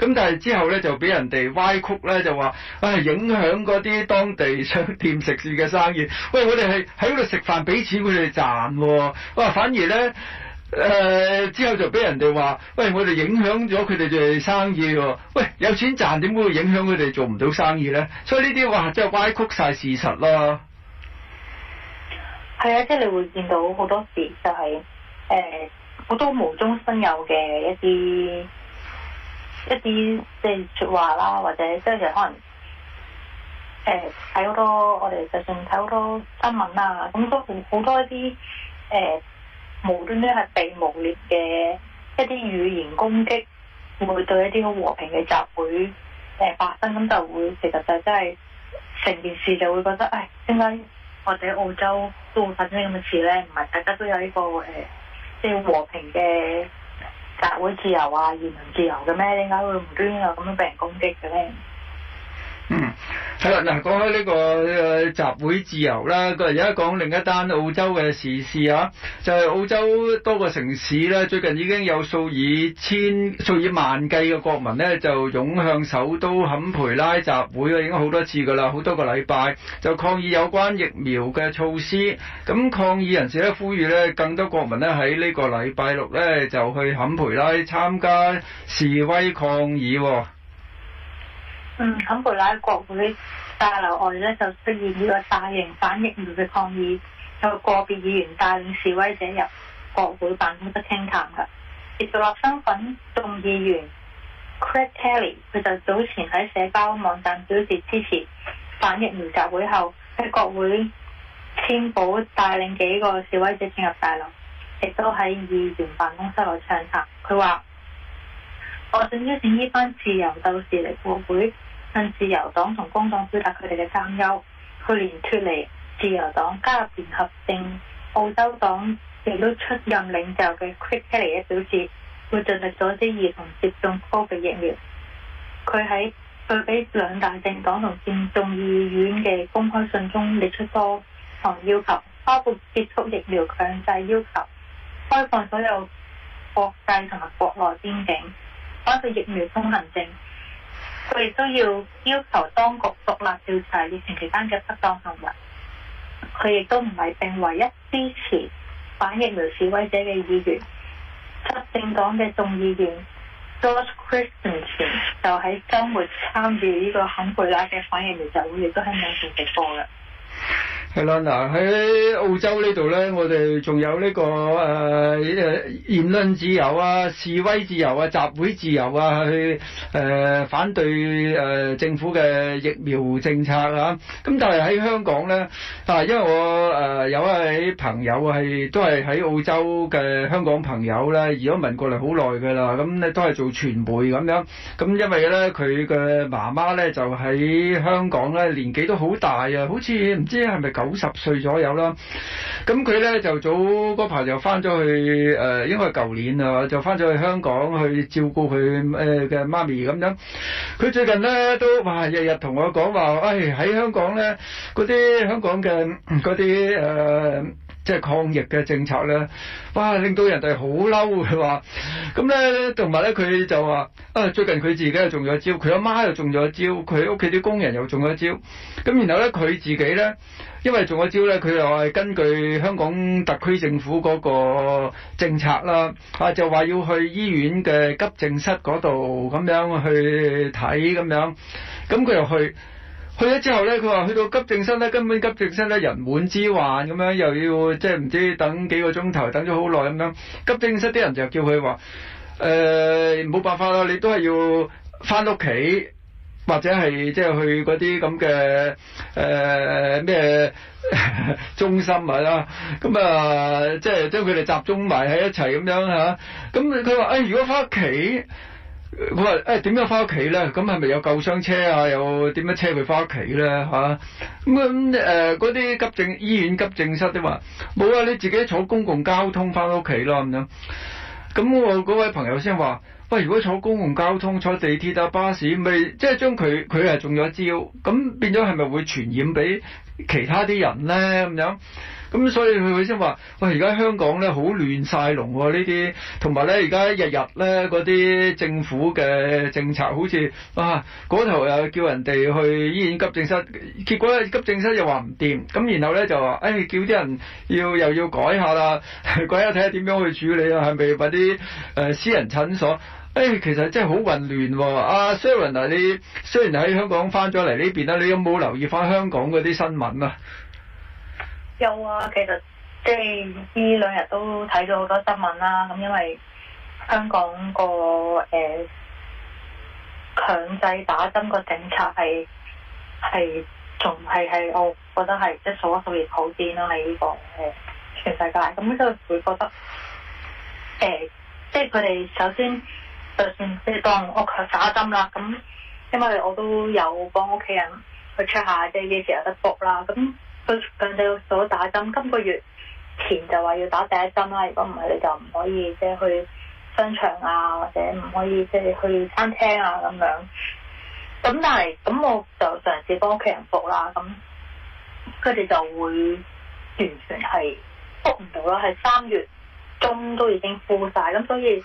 咁但係之後咧就俾人哋歪曲咧，就話啊、哎、影響嗰啲當地商店食肆嘅生意。喂，我哋係喺度食飯俾錢，佢哋賺喎。哇，反而咧～誒、呃、之後就俾人哋話，喂！我哋影響咗佢哋嘅生意喎、哦，喂！有錢賺點會影響佢哋做唔到生意咧？所以呢啲話真係歪曲晒事實咯。係啊，即、就、係、是、你會見到好多時、就是，就係誒好多無中生有嘅一啲一啲即係說話啦，或者即係可能誒睇好多我哋就算睇好多新聞啊，咁都好多一啲誒。呃無端端係被無理嘅一啲語言攻擊，會對一啲好和平嘅集會誒發生，咁就會其實就真係成件事就會覺得，唉，點解我哋澳洲都會發生咁嘅事咧？唔係大家都有呢個誒、呃、即係和平嘅集會自由啊、言論自由嘅咩？點解會無端端有咁樣被人攻擊嘅咧？嗯，係啦，嗱，講開呢個集會自由啦，嗱，而家講另一單澳洲嘅時事啊，就係澳洲多個城市咧，最近已經有數以千、數以萬計嘅國民咧，就湧向首都堪培拉集會啊，已經好多次噶啦，好多個禮拜就抗議有關疫苗嘅措施。咁抗議人士咧，呼籲咧，更多國民咧，喺呢個禮拜六咧，就去堪培拉參加示威抗議。嗯，堪培拉國會大樓外咧就出現呢個大型反疫苗嘅抗議，有個別議員帶領示威者入國會辦公室傾談嘅。熱度落生粉眾議員 Craig Kelly 佢就早前喺社交網站表示支持反疫苗集會後，喺國會簽保帶領幾個示威者進入大樓，亦都喺議員辦公室內暢談。佢話：「我想邀請呢班自由鬥士嚟國會。」向自由黨同工黨表達佢哋嘅擔憂，去年脫離自由黨加入聯合政澳洲黨，亦都出任領袖嘅 Craig Kelly 表示，會盡力阻止兒童接種 COVID 疫苗。佢喺對比兩大政黨同佔眾議院嘅公開信中列出多項要求，包括結束疫苗強制要求、開放所有國界同埋國內邊境、包括疫苗通行證。佢亦都要要求當局獨立調查疫情期間嘅不當行為。佢亦都唔係並唯一支持反疫苗示威者嘅議員，執政黨嘅眾議員 George Christensen 就喺週末參與呢個堪培拉嘅反疫苗集會，亦都喺網上直播啦。係啦，嗱喺、嗯、澳洲呢度咧，我哋仲有呢、呢個誒誒、呃、言論自由啊、示威自由啊、集會自由啊，去誒、呃、反對誒、呃、政府嘅疫苗政策啊。咁但係喺香港咧，啊，因為我誒、呃、有一位朋友係都係喺澳洲嘅香港朋友咧，移民過嚟好耐㗎啦，咁咧都係做傳媒咁樣，咁因為咧佢嘅媽媽咧就喺香港咧，年紀都好大啊，好似唔知係咪九十歲左右啦，咁佢咧就早嗰排就翻咗去誒、呃，應該係舊年啊，就翻咗去香港去照顧佢誒嘅媽咪咁樣。佢最近咧都話，日日同我講話，誒、哎、喺香港咧嗰啲香港嘅嗰啲誒。即係抗疫嘅政策咧，哇！令到人哋好嬲，佢話，咁咧同埋咧佢就話，啊，最近佢自己又中咗招，佢阿媽又中咗招，佢屋企啲工人又中咗招，咁然後咧佢自己咧，因為中咗招咧，佢又係根據香港特區政府嗰個政策啦，啊就話要去醫院嘅急症室嗰度咁樣去睇咁樣，咁佢又去。去咗之後咧，佢話去到急症室咧，根本急症室咧人滿之患咁樣，又要即係唔知等幾個鐘頭，等咗好耐咁樣。急症室啲人就叫佢話：，誒、呃、冇辦法啦，你都係要翻屋企，或者係即係去嗰啲咁嘅誒咩中心啊。咁、嗯、啊，即係將佢哋集中埋喺一齊咁樣嚇。咁佢話：，啊、哎，如果翻屋企。佢話誒點樣翻屋企咧？咁係咪有救傷車,有車啊？又點樣車佢翻屋企咧？嚇咁誒嗰啲急症醫院急症室都話冇啊！你自己坐公共交通翻屋企啦咁樣。咁我嗰位朋友先話：喂、哎，如果坐公共交通、坐地鐵、搭巴士，咪即係將佢佢係中咗招，咁變咗係咪會傳染俾其他啲人咧？咁樣？咁、嗯、所以佢先話：喂，而家香港咧好亂晒龍喎，呢啲同埋咧，而家日日咧嗰啲政府嘅政策好似啊，嗰頭又叫人哋去醫院急症室，結果咧急症室又話唔掂，咁然後咧就話：唉、哎，叫啲人要又要改下啦，鬼啊！睇下點樣去處理啊？係咪揾啲誒私人診所？唉、哎，其實真係好混亂喎！阿 Sylvan 啊，啊 Sharon，你雖然喺香港翻咗嚟呢邊啦，你有冇留意翻香港嗰啲新聞啊？有啊，其實即係呢兩日都睇咗好多新聞啦。咁因為香港個誒、欸、強制打針個政策係係仲係係，我覺得係即係數一數二普遍啦。你、這、呢個誒、欸、全世界，咁就會覺得誒，即係佢哋首先就算即係當屋企打針啦。咁因為我都有幫屋企人去 check 下，即係幾時有得 book 啦。咁佢強制所打針，今個月前就話要打第一針啦。如果唔係，你就唔可以即係去商場啊，或者唔可以即係去餐廳啊咁樣。咁但係咁，我就嘗試幫屋企人服啦。咁佢哋就會完全係服唔到啦。係三月中都已經敷晒。咁，所以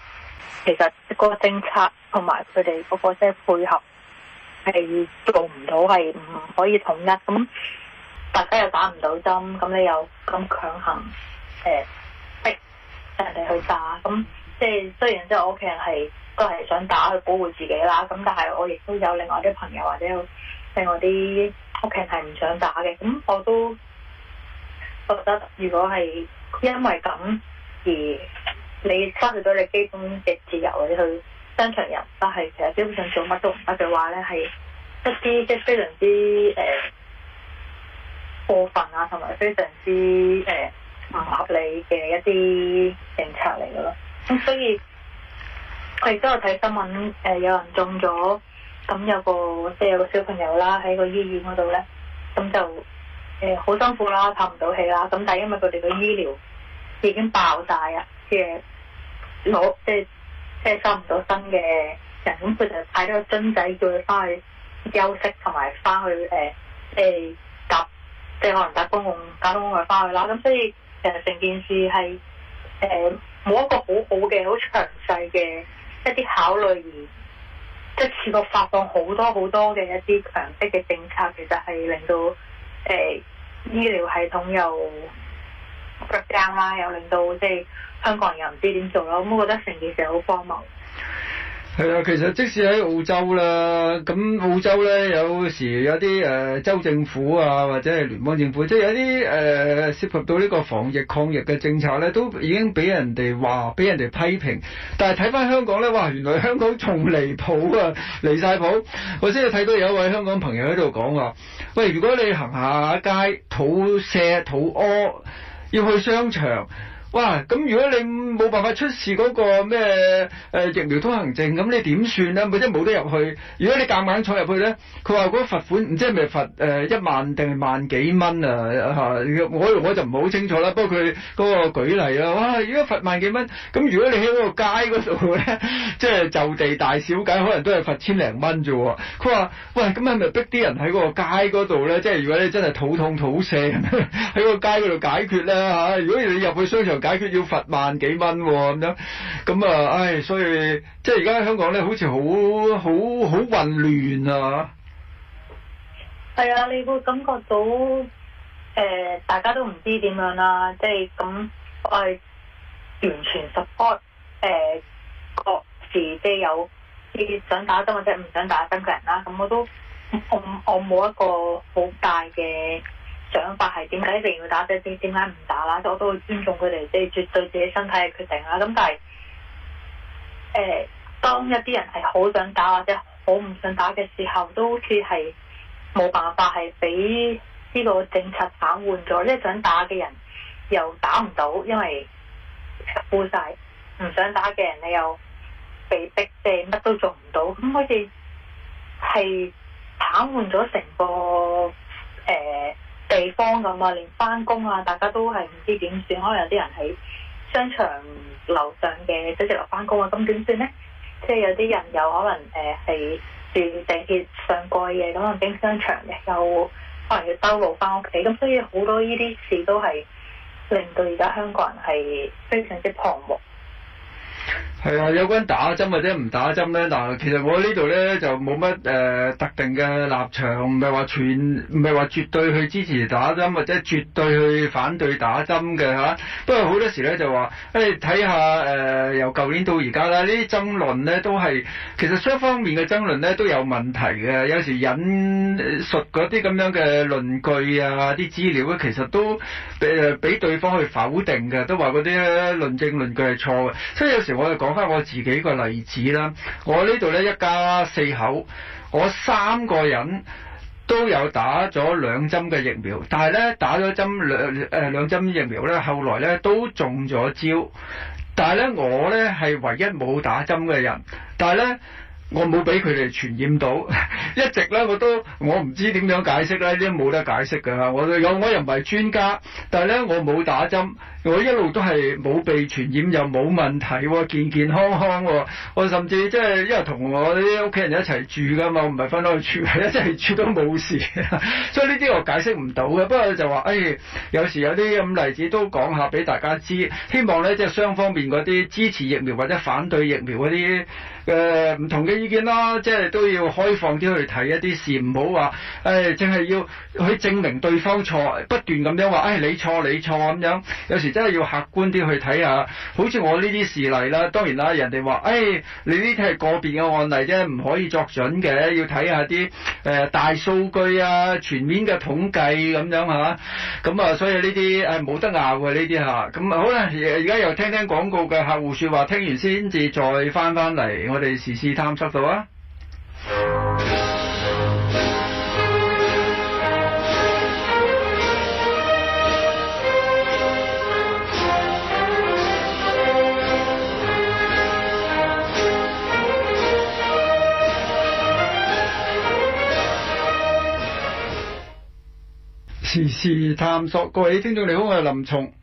其實個政策同埋佢哋嗰個即係配合係做唔到，係唔可以統一咁。大家又打唔到針，咁你又咁強行誒、呃、逼人哋去打，咁即係雖然即係我屋企人係都係想打去保護自己啦，咁但係我亦都有另外啲朋友或者有另外啲屋企人係唔想打嘅，咁我都我覺得如果係因為咁而你失去咗你基本嘅自由，或者去商場又唔得，係其實基本上做乜都唔得嘅話咧，係一啲即係非常之誒。呃過分啊，同埋非常之誒唔合理嘅一啲政策嚟嘅咯。咁所以佢亦都有睇新聞，誒、呃、有人中咗，咁有個即係、就是、有個小朋友啦，喺個醫院嗰度咧，咁就誒好、呃、辛苦啦，吸唔到氣啦。咁但係因為佢哋嘅醫療已經爆曬啊，好嗯、即係攞即係即係收唔到新嘅人，咁佢就派咗個樽仔叫佢翻去休息，同埋翻去誒誒。呃欸即係可能搭公共交通工具翻去啦，咁所以誒成件事係誒冇一個好好嘅、好詳細嘅一啲考慮，而即係試過發放好多好多嘅一啲強迫嘅政策，其實係令到誒、呃、醫療系統又骨折啦，又令到即係、就是、香港人又唔知點做啦，咁、嗯、我覺得成件事好荒謬。係啊，其實即使喺澳洲啦，咁澳洲咧有時有啲誒、呃、州政府啊，或者係聯邦政府，即、就、係、是、有啲誒、呃、涉及到呢個防疫抗疫嘅政策咧，都已經俾人哋話，俾人哋批評。但係睇翻香港咧，哇！原來香港仲離譜啊，離晒譜。我先至睇到有一位香港朋友喺度講話，喂，如果你行下街，肚瀉、肚屙，要去商場。哇！咁如果你冇辦法出示嗰個咩誒、呃、疫苗通行證，咁你點算咧？咪即冇得入去。如果你夾硬坐入去咧，佢話嗰罰款唔知係咪罰誒一萬定係萬幾蚊啊？嚇、啊！我我就唔係好清楚啦。不過佢嗰個舉例啊，哇！如果罰萬幾蚊，咁如果你喺嗰個街嗰度咧，即係就地大小解，可能都係罰千零蚊啫喎。佢話：「喂，咁係咪逼啲人喺個街嗰度咧？即係如果你真係肚痛肚瀉，喺 個街嗰度解決咧嚇、啊。如果你入去商場，解決要罰萬幾蚊喎咁樣，咁啊，唉，所以即係而家香港咧，好似好好好混亂啊！係啊，你會感覺到誒、呃，大家都唔知點樣啦、啊，即係咁，我係完全 support 誒、呃、各自、即係、有啲想打針或者唔想打針嘅人啦、啊。咁我都我我冇一個好大嘅想法係點解一定要打啫？點，點解唔打啦？我都會尊重佢哋即係絕對自己身體嘅決定啦。咁但係，誒、呃，當一啲人係好想打或者好唔想打嘅時候，都好似係冇辦法係俾呢個政策癱瘓咗，即係想打嘅人又打唔到，因為服晒；唔想打嘅人，你又被逼即係乜都做唔到。咁好似係癱瘓咗成個誒、呃地方咁啊，連翻工啊，大家都係唔知點算，可能有啲人喺商場樓上嘅寫字樓翻工啊，咁點算呢？即、就、係、是、有啲人有可能誒係住地鐵上蓋嘅，咁可能經商場嘅又可能要兜路翻屋企，咁所以好多呢啲事都係令到而家香港人係非常之彷徨。係啊，有關打針或者唔打針咧，嗱，其實我呢度咧就冇乜誒特定嘅立場，唔係話全唔係話絕對去支持打針或者絕對去反對打針嘅吓。不過好多時咧就話，誒睇下誒由舊年到而家啦，論呢啲爭論咧都係其實雙方面嘅爭論咧都有問題嘅。有時引述嗰啲咁樣嘅論據啊，啲資料咧，其實都誒俾、呃、對方去否定嘅，都話嗰啲論證論據係錯嘅，所以有時。我哋講翻我自己個例子啦，我呢度呢一家四口，我三個人都有打咗兩針嘅疫苗，但係呢，打咗針兩誒兩針疫苗呢，後來呢都中咗招，但係呢，我呢係唯一冇打針嘅人，但係呢。我冇俾佢哋傳染到， 一直咧我都我唔知點樣解釋咧，呢啲冇得解釋嘅嚇。我有我又唔係專家，但係咧我冇打針，我一路都係冇被傳染又冇問題喎、哦，健健康康喎、哦。我甚至即、就、係、是、因為同我啲屋企人一齊住㗎嘛，我唔係分開去住， 一齊住都冇事。 所以呢啲我解釋唔到嘅。不過就話，誒、哎、有時有啲咁例子都講下俾大家知，希望咧即係雙方面嗰啲支持疫苗或者反對疫苗嗰啲。誒、呃、唔同嘅意見啦，即係都要開放啲去睇一啲事，唔好話誒淨係要去證明對方錯，不斷咁樣話誒你錯你錯咁樣，有時真係要客觀啲去睇下。好似我呢啲事例啦，當然啦，人哋話誒你呢啲係個別嘅案例啫，唔可以作準嘅，要睇下啲誒、呃、大數據啊、全面嘅統計咁樣嚇。咁啊，啊，所以呢啲誒冇得拗嘅呢啲嚇。咁、啊、好啦，而家又聽聽廣告嘅客戶説話，聽完先至再翻翻嚟。我哋時事探索到啊！時事探索，各位聽眾你好，我係林松。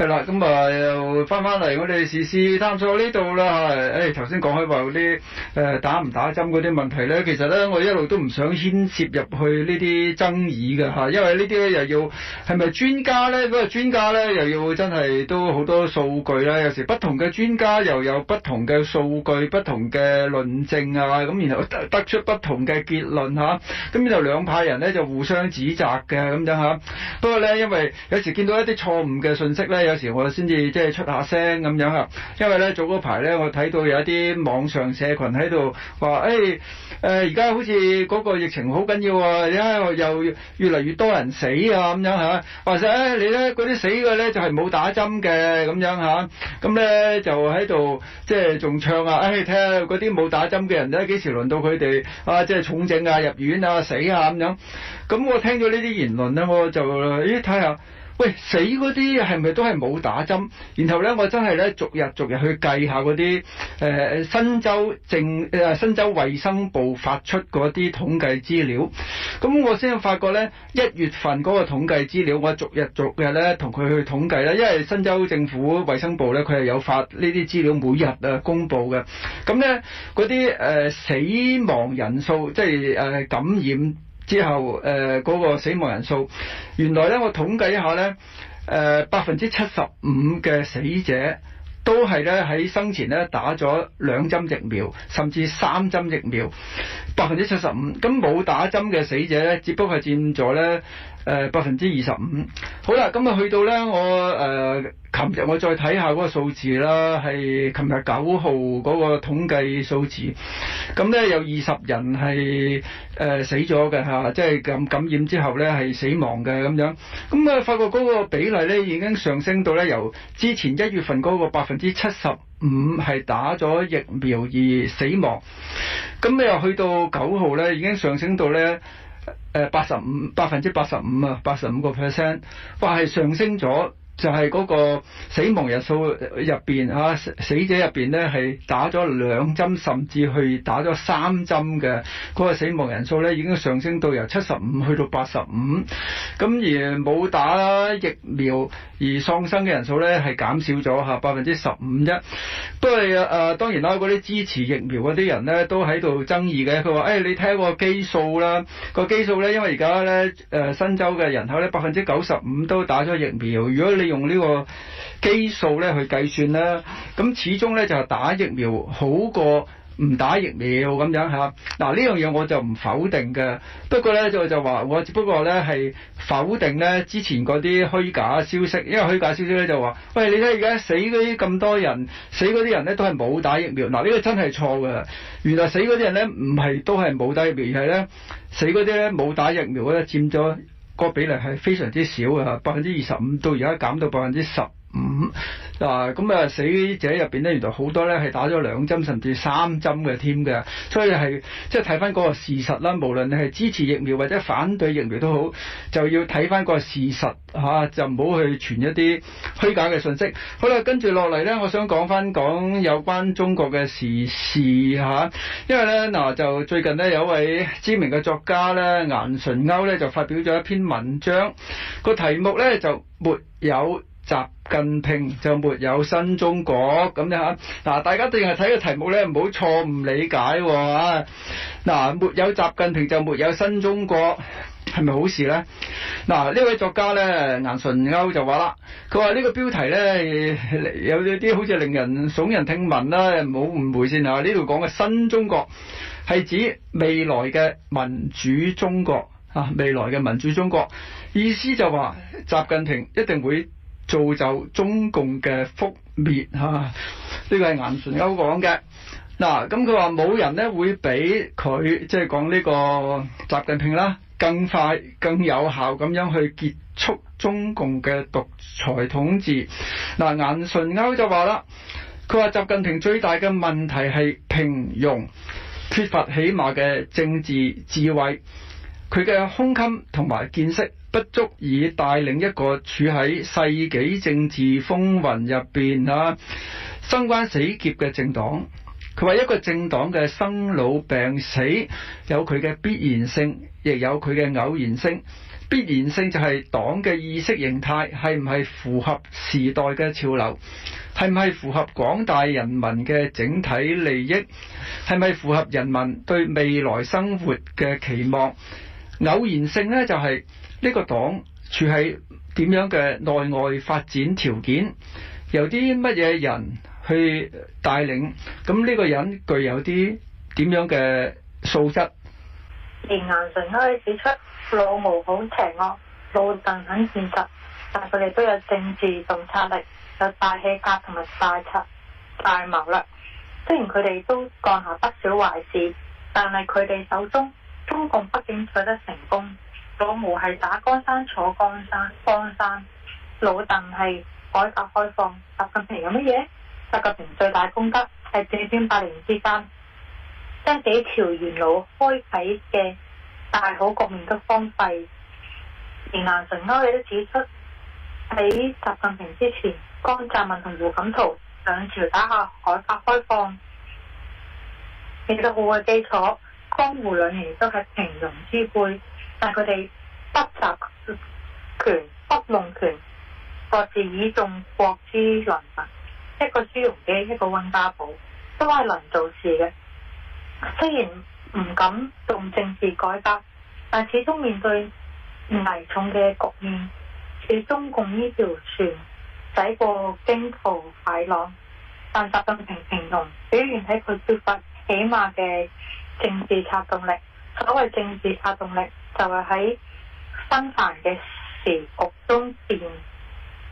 係啦，咁啊又翻翻嚟，我哋試試探索呢度啦嚇。誒頭先講開話啲誒打唔打針嗰啲問題咧，其實咧我一路都唔想牽涉入去呢啲爭議嘅吓，因為呢啲咧又要係咪專家咧？嗰個專家咧又要真係都好多數據啦。有時不同嘅專家又有不同嘅數據，不同嘅論證啊，咁然後得出不同嘅結論吓，咁呢度兩派人咧就互相指責嘅咁樣吓，不過咧因為有時見到一啲錯誤嘅信息咧，有時我先至即係出下聲咁樣啊，因為咧早嗰排咧我睇到有一啲網上社群喺度話，誒誒而家好似嗰個疫情好緊要呀，而家又越嚟越多人死啊咁樣嚇，話晒、哎、你咧嗰啲死嘅咧就係冇打針嘅咁樣嚇，咁咧就喺度即係仲唱啊，誒睇下嗰啲冇打針嘅人咧幾時輪到佢哋啊，即係重症啊入院啊死啊咁樣，咁我聽到呢啲言論咧，我就咦睇下。哎看看喂，死嗰啲係咪都係冇打針？然後呢，我真係呢，逐日逐日去計下嗰啲誒新州政誒新州衞生部發出嗰啲統計資料。咁我先發覺呢，一月份嗰個統計資料，我逐日逐日呢同佢去統計咧，因為新州政府衞生部呢，佢係有發呢啲資料每日啊公佈嘅。咁呢，嗰啲誒死亡人數，即係誒、呃、感染。之後，誒嗰個死亡人數，原來咧，我統計一下咧，誒百分之七十五嘅死者都係咧喺生前咧打咗兩針疫苗，甚至三針疫苗。百分之七十五，咁冇打針嘅死者咧，只不過係佔咗呢誒百分之二十五。好啦，咁啊去到呢，我誒琴日我再睇下嗰個數字啦，係琴日九號嗰個統計數字。咁呢，有二十人係誒死咗嘅嚇，即係感感染之後呢係死亡嘅咁樣。咁啊發覺嗰個比例呢已經上升到呢，由之前一月份嗰個百分之七十。五係打咗疫苗而死亡，咁你又去到九號咧，已經上升到咧誒八十五百分之八十五啊，八十五個 percent，話係上升咗。就係嗰個死亡人數入邊嚇，死者入邊咧係打咗兩針，甚至去打咗三針嘅嗰、嗰個死亡人數咧已經上升到由七十五去到八十五。咁而冇打疫苗而喪生嘅人數咧係減少咗嚇百分之十五啫。不過啊，當然啦，嗰啲支持疫苗嗰啲人呢都喺度爭議嘅。佢話誒，你睇個基數啦，嗰個基數呢？因為而家呢，誒、呃、新州嘅人口呢，百分之九十五都打咗疫苗。如果你用呢個基數咧去計算啦，咁始終咧就係打疫苗好過唔打疫苗咁樣嚇。嗱呢樣嘢我就唔否定嘅，不過咧我就話我只不過咧係否定咧之前嗰啲虛假消息，因為虛假消息咧就話，喂你睇而家死嗰啲咁多人，死嗰啲人咧都係冇打疫苗。嗱呢個真係錯嘅，原來死嗰啲人咧唔係都係冇打疫苗，而係咧死嗰啲咧冇打疫苗咧佔咗個比例係非常之少啊，百分之二十五到而家減到百分之十。五嗱咁啊，嗯、死者入邊呢，原來好多呢係打咗兩針甚至三針嘅添嘅，所以係即係睇翻嗰個事實啦。無論你係支持疫苗或者反對疫苗都好，就要睇翻嗰個事實吓、啊，就唔好去傳一啲虛假嘅信息。好啦，跟住落嚟呢，我想講翻講有關中國嘅時事嚇、啊，因為呢，嗱就最近呢，有一位知名嘅作家呢，顏純鈎呢，就發表咗一篇文章，個題目呢，就沒有。習近平就沒有新中國咁啫嚇。嗱，大家淨係睇個題目咧，唔好錯誤理解啊！嗱，沒有習近平就沒有新中國，係咪好事咧？嗱、啊，呢位作家咧，顏純鈎就話啦，佢話呢個標題咧，有啲好似令人聳人聽聞啦，唔好誤會先嚇。呢度講嘅新中國係指未來嘅民主中國嚇、啊，未來嘅民主中國意思就話習近平一定會。造就中共嘅覆滅嚇，呢個係顏純鈎講嘅。嗱，咁佢話冇人咧會俾佢即係講呢個習近平啦，更快、更有效咁樣去結束中共嘅獨裁統治。嗱，顏純鈎就話啦，佢話習近平最大嘅問題係平庸，缺乏起碼嘅政治智慧，佢嘅胸襟同埋見識。不足以帶領一個處喺世紀政治風雲入邊啊，生關死劫嘅政黨。佢話一個政黨嘅生老病死有佢嘅必然性，亦有佢嘅偶然性。必然性就係黨嘅意識形態係唔係符合時代嘅潮流，係唔係符合廣大人民嘅整體利益，係咪符合人民對未來生活嘅期望？偶然性呢，就係、是。呢個黨處喺點樣嘅內外發展條件？由啲乜嘢人去帶領？咁呢個人具有啲點樣嘅素質？連顏純鈎都可以指出，老毛好邪惡，老鄧很現實，但係佢哋都有政治洞察力，有大氣格同埋大策大謀略。雖然佢哋都幹下不少壞事，但係佢哋手中中共畢竟取得成功。老毛係打江山坐江山，江山；老鄧係改革開放，習近平有乜嘢？習近平最大功德係借穿百年之間，將幾朝元老開啟嘅大好局面都荒廢。顏純鈎亦都指出，喺習近平之前，江澤民同胡錦濤兩朝打下改革開放，其實好嘅基礎，江湖兩年都係平庸之輩。但佢哋不集權、不弄權，各自倚重國之壟斷，一個朱鎔基、一個溫家寶都係能做事嘅。雖然唔敢動政治改革，但始終面對危重嘅局面，始終共呢條船駛過驚濤駭浪，但習近平平庸，表現喺佢缺乏起碼嘅政治策動力。所謂政治策動力。就係喺紛繁嘅時局中辨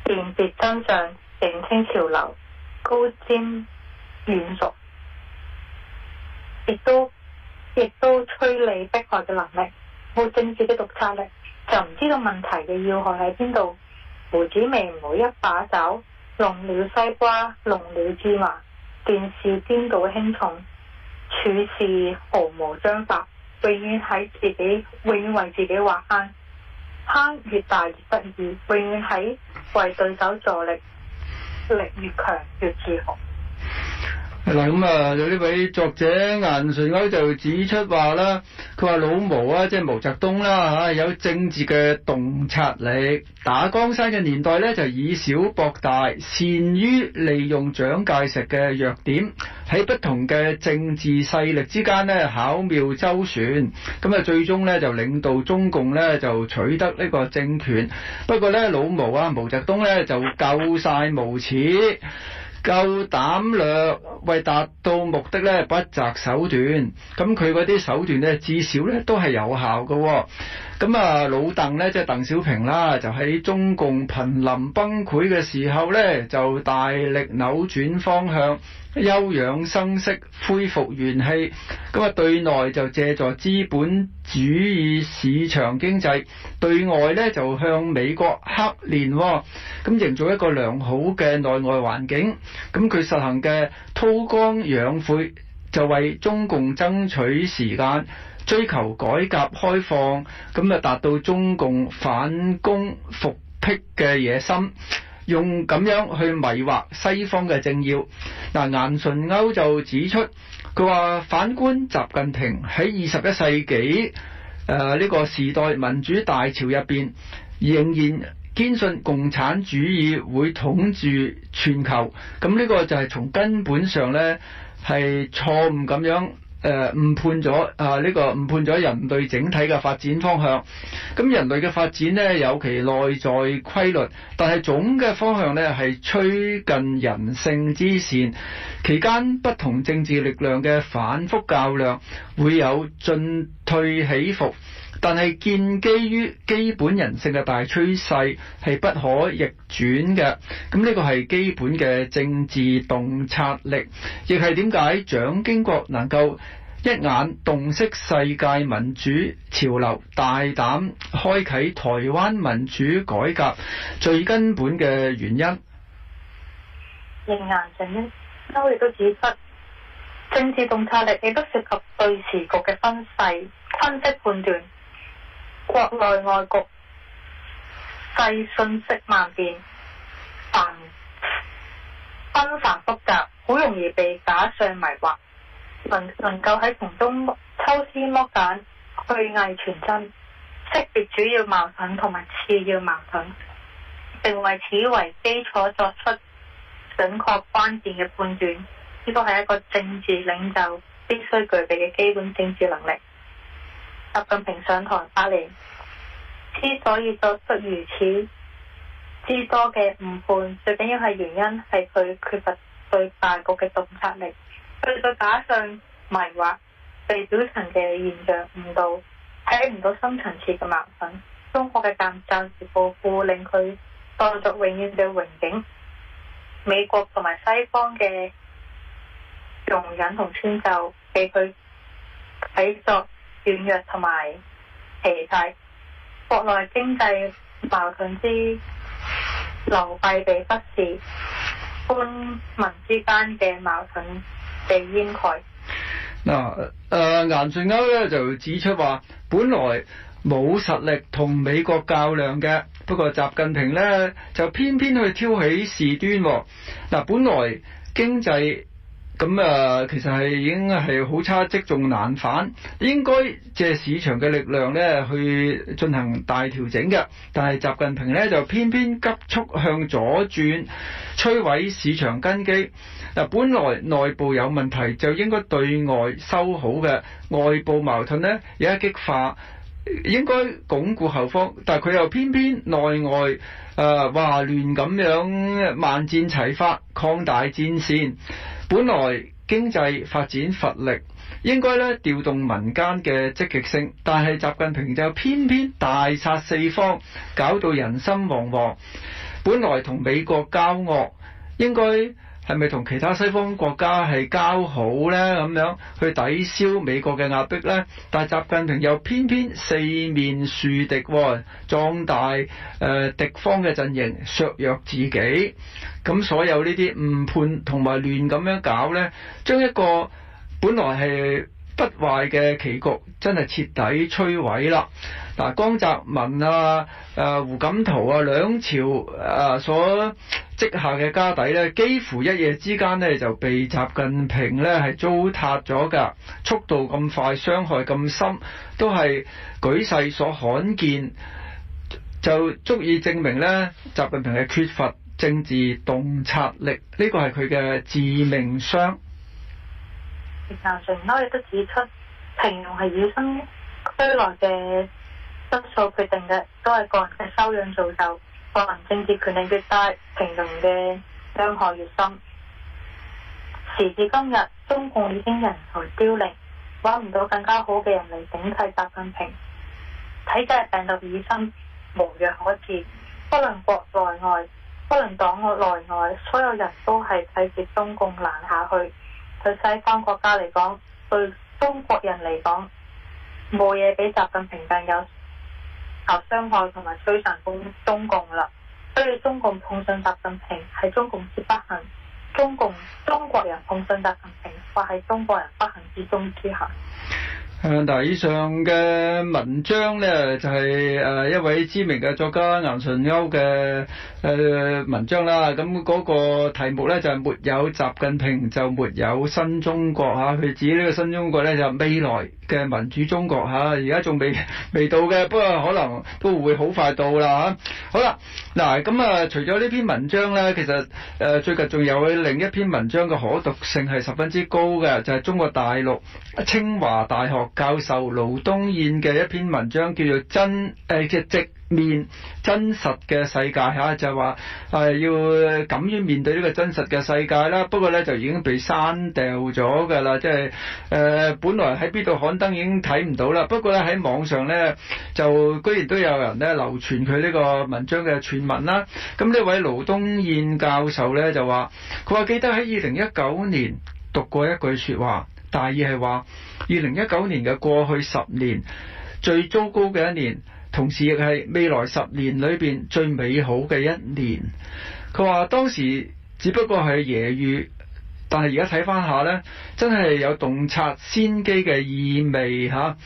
辨別真相、認清潮流、高瞻遠矚，亦都亦都趨利避害嘅能力，冇政治嘅洞察力，就唔知道問題嘅要害喺邊度。鬍子眉毛一把抓，弄了西瓜，弄了芝麻，見事顛倒輕重，處事毫無章法。永遠喺自己，永遠為自己挖坑，坑越大越得意。永遠喺為對手助力，力越強越自豪。咁啊，有呢 位作者顏純鈎就指出話啦，佢話老毛啊，即、就、係、是、毛澤東啦嚇、啊，有政治嘅洞察力，打江山嘅年代咧就以小博大，善於利用蔣介石嘅弱點，喺不同嘅政治勢力之間咧巧妙周旋，咁啊最終呢，就領導中共呢，就取得呢個政權。不過呢，老毛啊，毛澤東呢，就夠晒無恥。夠膽略，為達到目的咧，不擇手段。咁佢嗰啲手段咧，至少咧都係有效嘅喎。咁啊，老鄧咧，即係鄧小平啦，就喺中共瀕臨崩潰嘅時候咧，就大力扭轉方向。休養生息，恢復元氣。咁啊，對內就借助資本主義市場經濟，對外呢就向美國黑連、哦，咁營造一個良好嘅內外環境。咁佢實行嘅韜光養晦，就為中共爭取時間，追求改革開放。咁啊，達到中共反攻復辟嘅野心。用咁樣去迷惑西方嘅政要，嗱，顏純鈎就指出，佢話反觀習近平喺二十一世紀，誒呢個時代民主大潮入邊，仍然堅信共產主義會統治全球，咁呢個就係從根本上呢，係錯誤咁樣。誒、呃，誤判咗啊！呢、呃呢個誤判咗人類整體嘅發展方向。咁人類嘅發展咧有其內在規律，但係總嘅方向咧係趨近人性之善。期間不同政治力量嘅反復較量，會有進退起伏。但係建基於基本人性嘅大趨勢係不可逆轉嘅，咁呢個係基本嘅政治洞察力，亦係點解蔣經國能夠一眼洞悉世界民主潮流，大膽開啓台灣民主改革最根本嘅原因。認顏整，都亦都指出政治洞察力，亦都涉及對時局嘅分析、分析判斷。國內外局勢，信息萬變，繁紛繁，繁複雜，好容易被打碎、迷惑。能能夠喺從中抽絲剝繭、去偽存真，識別主要矛盾同埋次要矛盾，並為此為基礎作出準確關鍵嘅判斷，呢個係一個政治領袖必須具備嘅基本政治能力。習近平上台八年，之所以作出如此之多嘅誤判，最緊要係原因係佢缺乏對大國嘅洞察力，對個假象迷惑，被表層嘅現象誤導，睇唔到深層次嘅矛盾。中國嘅暫暫時暴富令佢當作永遠嘅榮景，美國同埋西方嘅容忍同遷就俾佢睇作軟弱同埋疲態，國內經濟矛盾之流弊被忽視，官民之間嘅矛盾被掩蓋。嗱、呃，誒，顏純鈎咧就指出話，本來冇實力同美國較量嘅，不過習近平咧就偏偏去挑起事端、哦。嗱、呃，本來經濟。咁啊、嗯，其實係已經係好差，積重難返。應該借市場嘅力量呢去進行大調整嘅。但係習近平呢，就偏偏急速向左轉，摧毀市場根基。嗱，本來內部有問題就應該對外修好嘅，外部矛盾呢，有一激化，應該鞏固後方，但係佢又偏偏內外啊，華、呃、亂咁樣，萬箭齊發，擴大戰線。本來經濟發展乏力，應該咧調動民間嘅積極性，但係習近平就偏偏大殺四方，搞到人心惶惶。本來同美國交惡，應該。係咪同其他西方國家係交好呢？咁樣去抵消美國嘅壓迫呢？但係習近平又偏偏四面樹敵，哦，壯大誒、呃、敵方嘅陣營，削弱自己。咁所有呢啲誤判同埋亂咁樣搞呢，將一個本來係不壞嘅棋局，真係徹底摧毀啦！嗱、呃，江澤民啊、誒、呃、胡錦濤啊兩朝誒、啊、所積下嘅家底咧，幾乎一夜之間咧就被習近平咧係糟蹋咗㗎，速度咁快，傷害咁深，都係舉世所罕見，就足以證明咧，習近平係缺乏政治洞察力，呢個係佢嘅致命傷。葉良靜都亦都指出，平庸係以生俱來嘅質素決定嘅，都係個人嘅修養造就。國民政治權力越大，平民嘅傷害越深。時至今日，中共已經人才凋零，揾唔到更加好嘅人嚟頂替習近平。體制病毒已深，無藥可治。不論國內外，不論黨內外，所有人都係睇住中共爛下去。對西方國家嚟講，對中國人嚟講，冇嘢比習近平更有。受傷害同埋摧殘共中共啦，所以中共痛信習近平係中共之不幸，中共中國人痛信習近平，或係中國人不幸之中之幸。係啊，嗱，以上嘅文章咧就係、是、誒一位知名嘅作家顏純鈎嘅誒文章啦。咁、那個題目咧就係、是、沒有習近平就沒有新中國吓，佢指呢個新中國咧就是、未來嘅民主中國吓，而家仲未未到嘅，不過可能都會好快到啦嚇、啊。好啦，嗱咁啊，除咗呢篇文章咧，其實誒、啊、最近仲有另一篇文章嘅可讀性係十分之高嘅，就係、是、中國大陸清華大學。教授勞東燕嘅一篇文章，叫做真誒嘅、呃、直面真實嘅世界吓、啊，就話、是、誒、呃、要敢於面對呢個真實嘅世界啦。不過呢，就已經被刪掉咗噶啦，即係誒本來喺邊度刊登已經睇唔到啦。不過呢，喺網上呢，就居然都有人呢流傳佢呢個文章嘅全文啦。咁呢位勞東燕教授呢，就話，佢話記得喺二零一九年讀過一句說話，大意係話。二零一九年嘅過去十年最糟糕嘅一年，同時亦係未來十年裏邊最美好嘅一年。佢話當時只不過係揶揄。但係而家睇翻下呢，真係有洞察先機嘅意味嚇。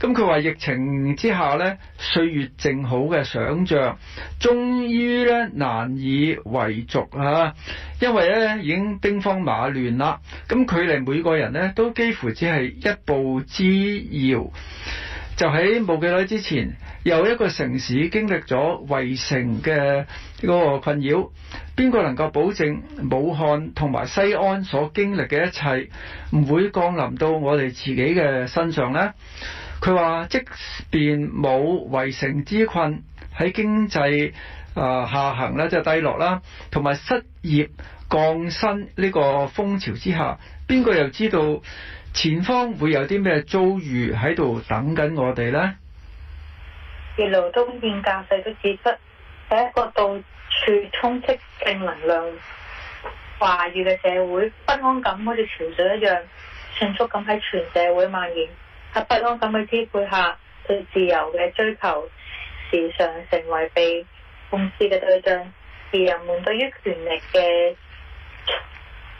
咁佢話疫情之下呢，歲月靜好嘅想像，終於呢難以為續嚇。因為呢已經兵荒馬亂啦。咁佢哋每個人呢都幾乎只係一步之遙。就喺冇幾耐之前。又一個城市經歷咗圍城嘅嗰個困擾，邊個能夠保證武漢同埋西安所經歷嘅一切唔會降臨到我哋自己嘅身上呢？佢話：即便冇圍城之困，喺經濟啊下行咧，即係低落啦，同埋失業降薪呢個風潮之下，邊個又知道前方會有啲咩遭遇喺度等緊我哋呢？而勞東燕教授都指出，喺一個到處充斥正能量話語嘅社會，不安感好似潮水一樣迅速咁喺全社會蔓延。喺不安感嘅支配下，對自由嘅追求時常成為被控制嘅對象，而人們對於權力嘅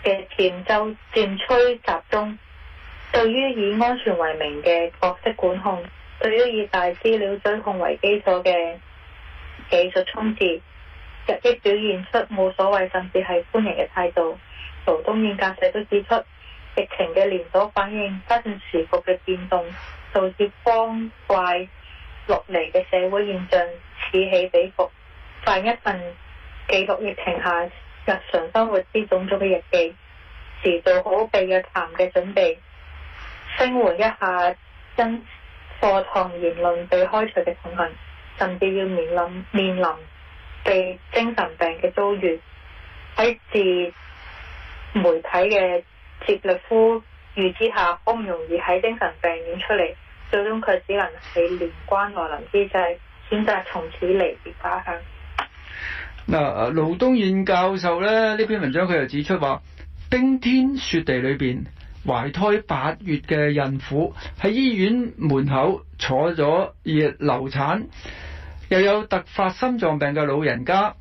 嘅潛就漸趨集中，對於以安全為名嘅角色管控。對於以大資料追控為基礎嘅技術衝刺，日益表現出冇所謂甚至係歡迎嘅態度。勞東燕駕駛都指出，疫情嘅連鎖反應加上時局嘅變動，導致光怪陸離嘅社會現象此起彼伏。辦一份記錄疫情下日常生活之種種嘅日記，是做好被約談嘅準備。聲援一下真。課堂言論被開除嘅恐嚇，甚至要面臨面臨被精神病嘅遭遇，喺自媒體嘅接力呼籲之下，好唔容易喺精神病院出嚟，最終佢只能喺年關來臨之際，選擇從此離別家鄉。嗱、呃，勞東燕教授咧呢篇文章佢又指出話，冰天雪地裏邊。懷胎八月嘅孕婦喺醫院門口坐咗熱流產，又有突發心臟病嘅老人家，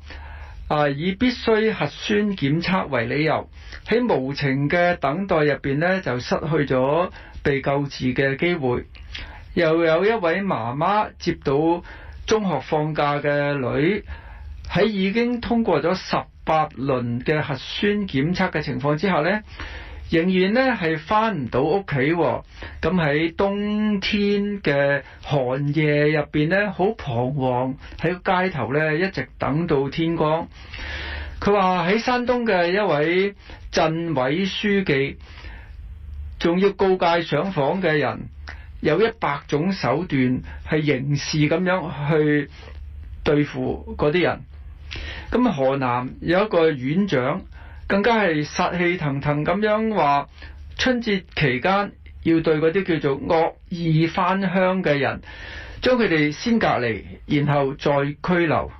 啊，以必須核酸檢測為理由喺無情嘅等待入邊呢，就失去咗被救治嘅機會，又有一位媽媽接到中學放假嘅女喺已經通過咗十八輪嘅核酸檢測嘅情況之下呢。仍然呢，係翻唔到屋企，咁喺冬天嘅寒夜入邊呢，好彷徨喺街頭呢，一直等到天光。佢話喺山東嘅一位鎮委書記，仲要告誡上訪嘅人，有一百種手段係刑事咁樣去對付嗰啲人。咁河南有一個院長。更加係殺氣騰騰咁樣話，春節期間要對嗰啲叫做惡意返鄉嘅人，將佢哋先隔離，然後再拘留。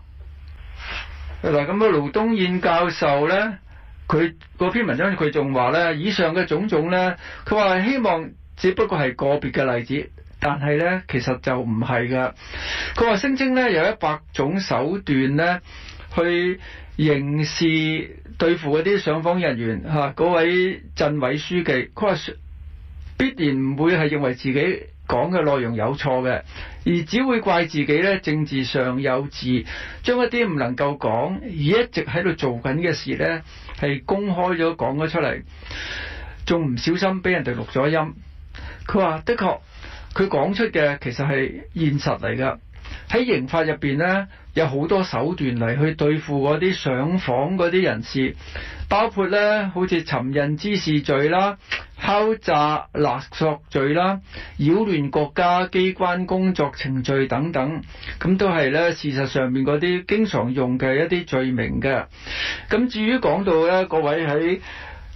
嗱咁啊，盧東燕教授呢，佢嗰篇文章，佢仲話呢：「以上嘅種種呢，佢話希望只不過係個別嘅例子，但係呢，其實就唔係㗎。佢話聲稱呢，有一百種手段呢去刑事對付嗰啲上訪人員吓，嗰位鎮委書記，佢話必然唔會係認為自己講嘅內容有錯嘅，而只會怪自己咧政治上有志，將一啲唔能夠講而一直喺度做緊嘅事咧，係公開咗講咗出嚟，仲唔小心俾人哋錄咗音。佢話的確，佢講出嘅其實係現實嚟噶。喺刑法入邊呢，有好多手段嚟去對付嗰啲上訪嗰啲人士，包括呢好似尋釁滋事罪啦、敲詐勒索罪啦、擾亂國家機關工作程序等等，咁都係呢事實上面嗰啲經常用嘅一啲罪名嘅。咁至於講到呢，各位喺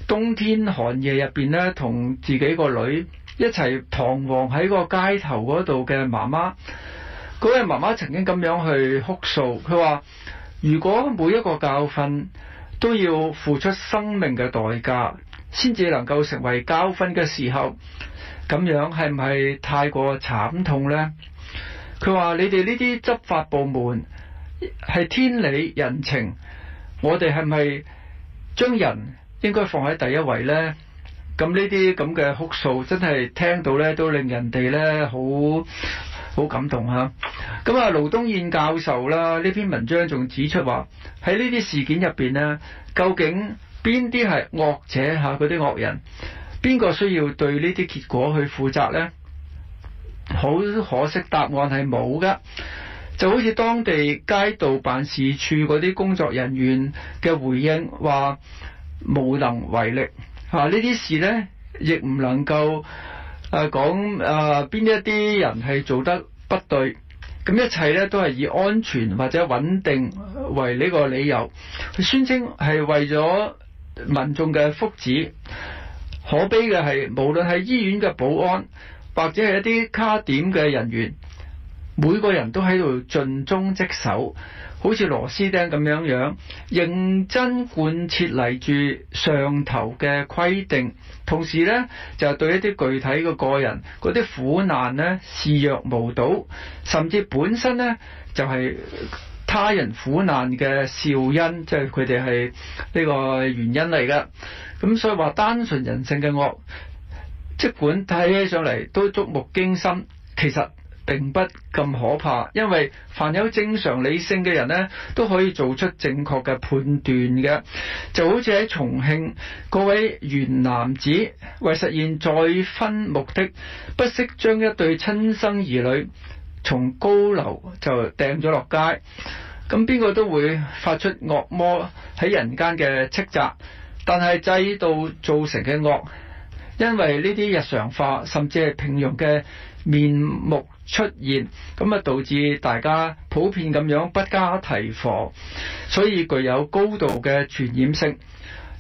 冬天寒夜入邊呢，同自己個女一齊彷徨喺個街頭嗰度嘅媽媽。嗰位媽媽曾經咁樣去哭訴，佢話：如果每一個教訓都要付出生命嘅代價，先至能夠成為教訓嘅時候，咁樣係唔係太過慘痛呢？」佢話：你哋呢啲執法部門係天理人情，我哋係咪將人應該放喺第一位呢？這這」咁呢啲咁嘅哭訴真係聽到呢都令人哋呢好。好感動嚇！咁啊，勞東燕教授啦，呢篇文章仲指出話，喺呢啲事件入邊咧，究竟邊啲係惡者嚇？嗰啲惡人，邊個需要對呢啲結果去負責呢？好可惜，答案係冇噶。就好似當地街道辦事處嗰啲工作人員嘅回應話，無能為力嚇。呢、啊、啲事呢，亦唔能夠。啊，講啊，邊一啲人係做得不對？咁一切咧都係以安全或者穩定為呢個理由，佢宣稱係為咗民眾嘅福祉。可悲嘅係，無論係醫院嘅保安，或者係一啲卡點嘅人員，每個人都喺度盡忠職守，好似螺絲釘咁樣樣，認真貫徹嚟住上頭嘅規定。同時咧，就對一啲具體嘅個人嗰啲苦難咧，視若無睹，甚至本身咧就係、是、他人苦難嘅肇因，即係佢哋係呢個原因嚟嘅。咁所以話，單純人性嘅惡，即管睇起上嚟都觸目驚心，其實，並不咁可怕，因為凡有正常理性嘅人呢，都可以做出正確嘅判斷嘅。就好似喺重慶嗰位原男子為實現再婚目的，不惜將一對親生兒女從高樓就掟咗落街，咁邊個都會發出惡魔喺人間嘅斥責，但係制度造成嘅惡，因為呢啲日常化甚至係平庸嘅，面目出現，咁啊導致大家普遍咁樣不加提防，所以具有高度嘅傳染性。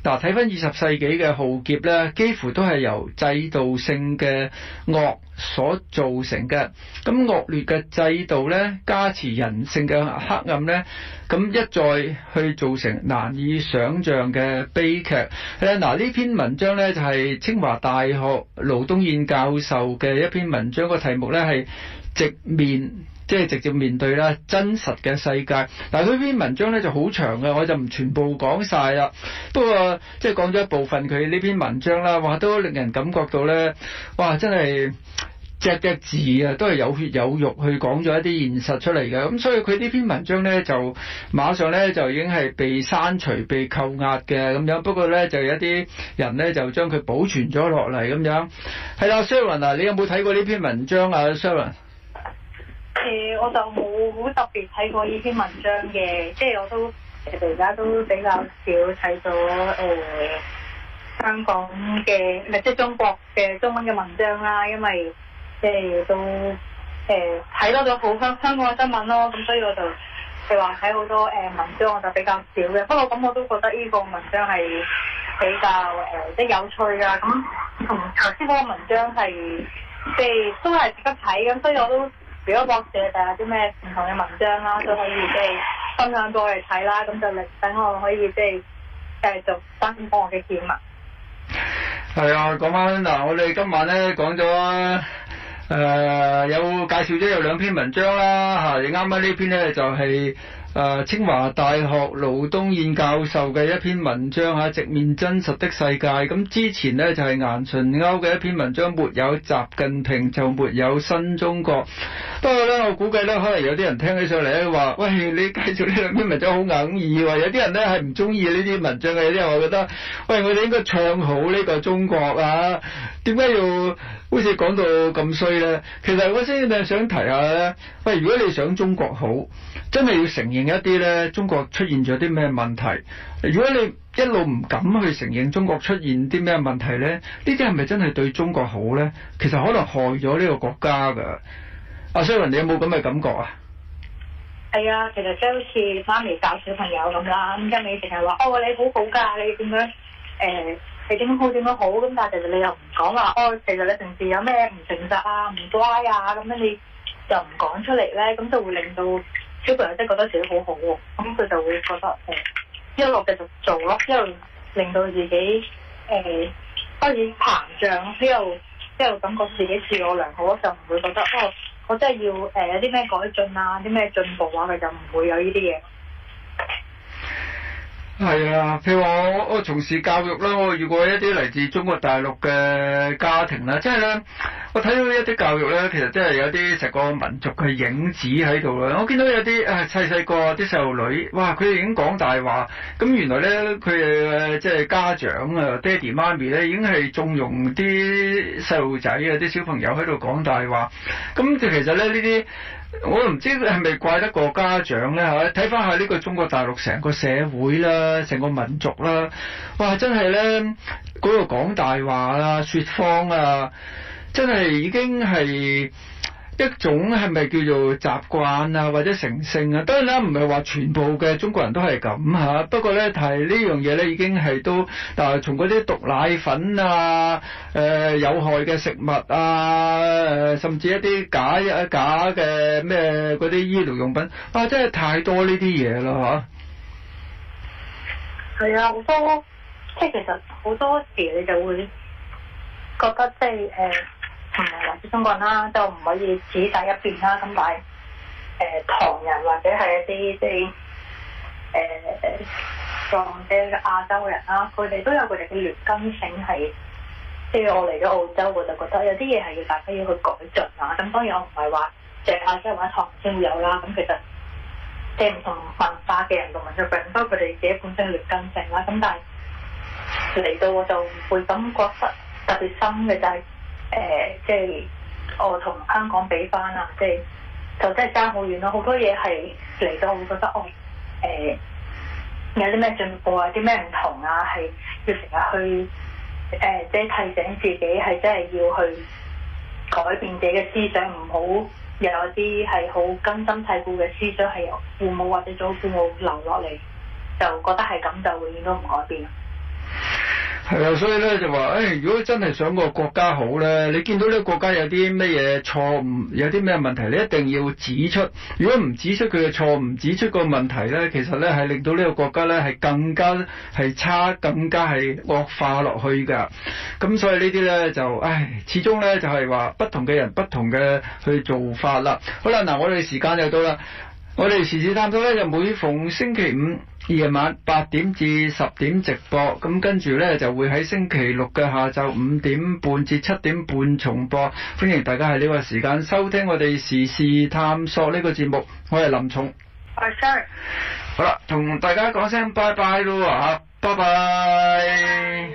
嗱，睇翻二十世紀嘅浩劫咧，幾乎都係由制度性嘅惡所造成嘅。咁惡劣嘅制度咧，加持人性嘅黑暗咧，咁一再去造成難以想像嘅悲劇咧。嗱，呢篇文章咧就係、是、清華大學勞東燕教授嘅一篇文章，個題目咧係直面。即係直接面對啦，真實嘅世界。但係佢篇文章咧就好長嘅，我就唔全部講晒啦。不過即係講咗一部分佢呢篇文章啦，哇都令人感覺到咧，哇真係隻隻字啊，都係有血有肉去講咗一啲現實出嚟嘅。咁、嗯、所以佢呢篇文章咧就馬上咧就已經係被刪除、被扣押嘅咁樣。不過咧就有一啲人咧就將佢保存咗落嚟咁樣。係啦，Sharon 啊，Sharon，你有冇睇過呢篇文章啊，Sharon？誒、呃，我就冇好特別睇過呢篇文章嘅，即係我都其實而家都比較少睇到誒香港嘅，咪即係中國嘅中文嘅文章啦，因為即係、呃、都誒睇、呃、多咗好香香港嘅新聞咯，咁、嗯、所以我就譬如話睇好多誒、呃、文章，我就比較少嘅。不過咁我都覺得呢個文章係比較誒、呃、即係有趣㗎，咁同頭先嗰個文章係即係都係值得睇，咁所以我都。如果博士定有啲咩唔同嘅文章啦，都可以即係分享過嚟睇啦，咁就令等我可以即係繼續分享我嘅見聞啦。係啊，講翻嗱，我哋今晚咧講咗，誒、呃，有介紹咗有兩篇文章啦吓，你啱啱呢篇咧就係、是。誒、啊，清華大學勞東燕教授嘅一篇文章吓、啊、直面真實的世界。咁、啊、之前咧就係顏純鈎嘅一篇文章，沒有習近平就沒有新中國。不過咧，我估計咧，可能有啲人聽起上嚟咧話喂，你繼續呢兩篇文章好哽耳喎。有啲人咧係唔中意呢啲文章嘅，有啲人我覺得，喂，我哋應該唱好呢個中國啊？點解要好似講到咁衰咧？其實我先想提下咧，喂，如果你想中國好，真係要承認。一啲咧，中國出現咗啲咩問題？如果你一路唔敢去承認中國出現啲咩問題咧，呢啲係咪真係對中國好咧？其實可能害咗呢個國家噶。阿 Sherwin，你有冇咁嘅感覺啊？係啊，其實即好似媽咪教小朋友咁啦，咁一味成日話：哦，你好好㗎，你點樣誒、呃？你點樣好？點樣好？咁但係其實你又唔講話。哦，其實你平時有咩唔誠實啊？唔乖啊？咁樣你又唔講出嚟咧，咁就會令到。小朋友真係覺得自己好好、哦、喎，咁佢就會覺得誒、呃、一路繼續做咯，一路令到自己誒、呃、開始膨脹，咯，之後之後感覺自己自我良好咯，就唔會覺得哦，我真係要誒有啲咩改進啊，啲咩進步啊，佢就唔會有呢啲嘢。係啊，譬如我我從事教育啦，我遇過一啲嚟自中國大陸嘅家庭啦，即係咧，我睇到一啲教育咧，其實真係有啲成個民族嘅影子喺度啦。我見到有啲啊細細個啲細路女，哇，佢哋已經講大話，咁原來咧佢哋即係家長啊，爹哋媽咪咧已經係縱容啲細路仔啊，啲小朋友喺度講大話，咁就其實咧呢啲。我唔知係咪怪得過家長咧，係咪睇翻下呢個中國大陸成個社會啦，成個民族啦，哇！真係咧，嗰度講大話啦，說謊啊，真係已經係。一種係咪叫做習慣啊，或者成性啊？當然啦，唔係話全部嘅中國人都係咁吓。不過咧，提呢樣嘢咧，已經係都，但係從嗰啲毒奶粉啊、誒、呃、有害嘅食物啊、誒、呃、甚至一啲假一假嘅咩嗰啲醫療用品，啊，真係太多呢啲嘢啦吓。係啊，好多，即係其實好多時你就會覺得即係誒。呃唔係、嗯、或者中國人啦，都唔可以只睇一邊啦。咁但係誒、呃，唐人或者係一啲即係誒誒，撞嘅亞洲人啦，佢哋都有佢哋嘅劣根性係，即係我嚟咗澳洲，我就覺得有啲嘢係要大家要去改進啊。咁當然我唔係話淨係亞洲或者唐先會有啦。咁其實即係唔同文化嘅人同民族背景，都佢哋自己本身嘅劣根性啦。咁但係嚟到我就會感覺得特別深嘅就係、是。誒、呃，即係我同香港比翻啊，即係就真係爭好遠咯。好多嘢係嚟到，我會覺得哦，誒、呃、有啲咩進步啊，啲咩唔同啊，係要成日去誒、呃、即係提醒自己係真係要去改變自己嘅思想，唔好有啲係好根深蒂固嘅思想，係由父母或者祖父母留落嚟，就覺得係咁就永遠都唔改變。係啊，所以咧就話，誒、哎，如果真係想個國家好咧，你見到呢個國家有啲咩嘢錯誤，有啲咩問題，你一定要指出。如果唔指出佢嘅錯誤，指出個問題咧，其實咧係令到呢個國家咧係更加係差，更加係惡化落去噶。咁所以呢啲咧就，唉、哎，始終咧就係、是、話不同嘅人，不同嘅去做法啦。好啦，嗱，我哋時間又到啦，我哋時事探索咧就每逢星期五。夜晚八點至十點直播，咁跟住呢就會喺星期六嘅下晝五點半至七點半重播。歡迎大家喺呢個時間收聽我哋時事探索呢個節目。我係林重。係 sir，yes sir。好啦，同大家講聲拜拜咯！拜拜。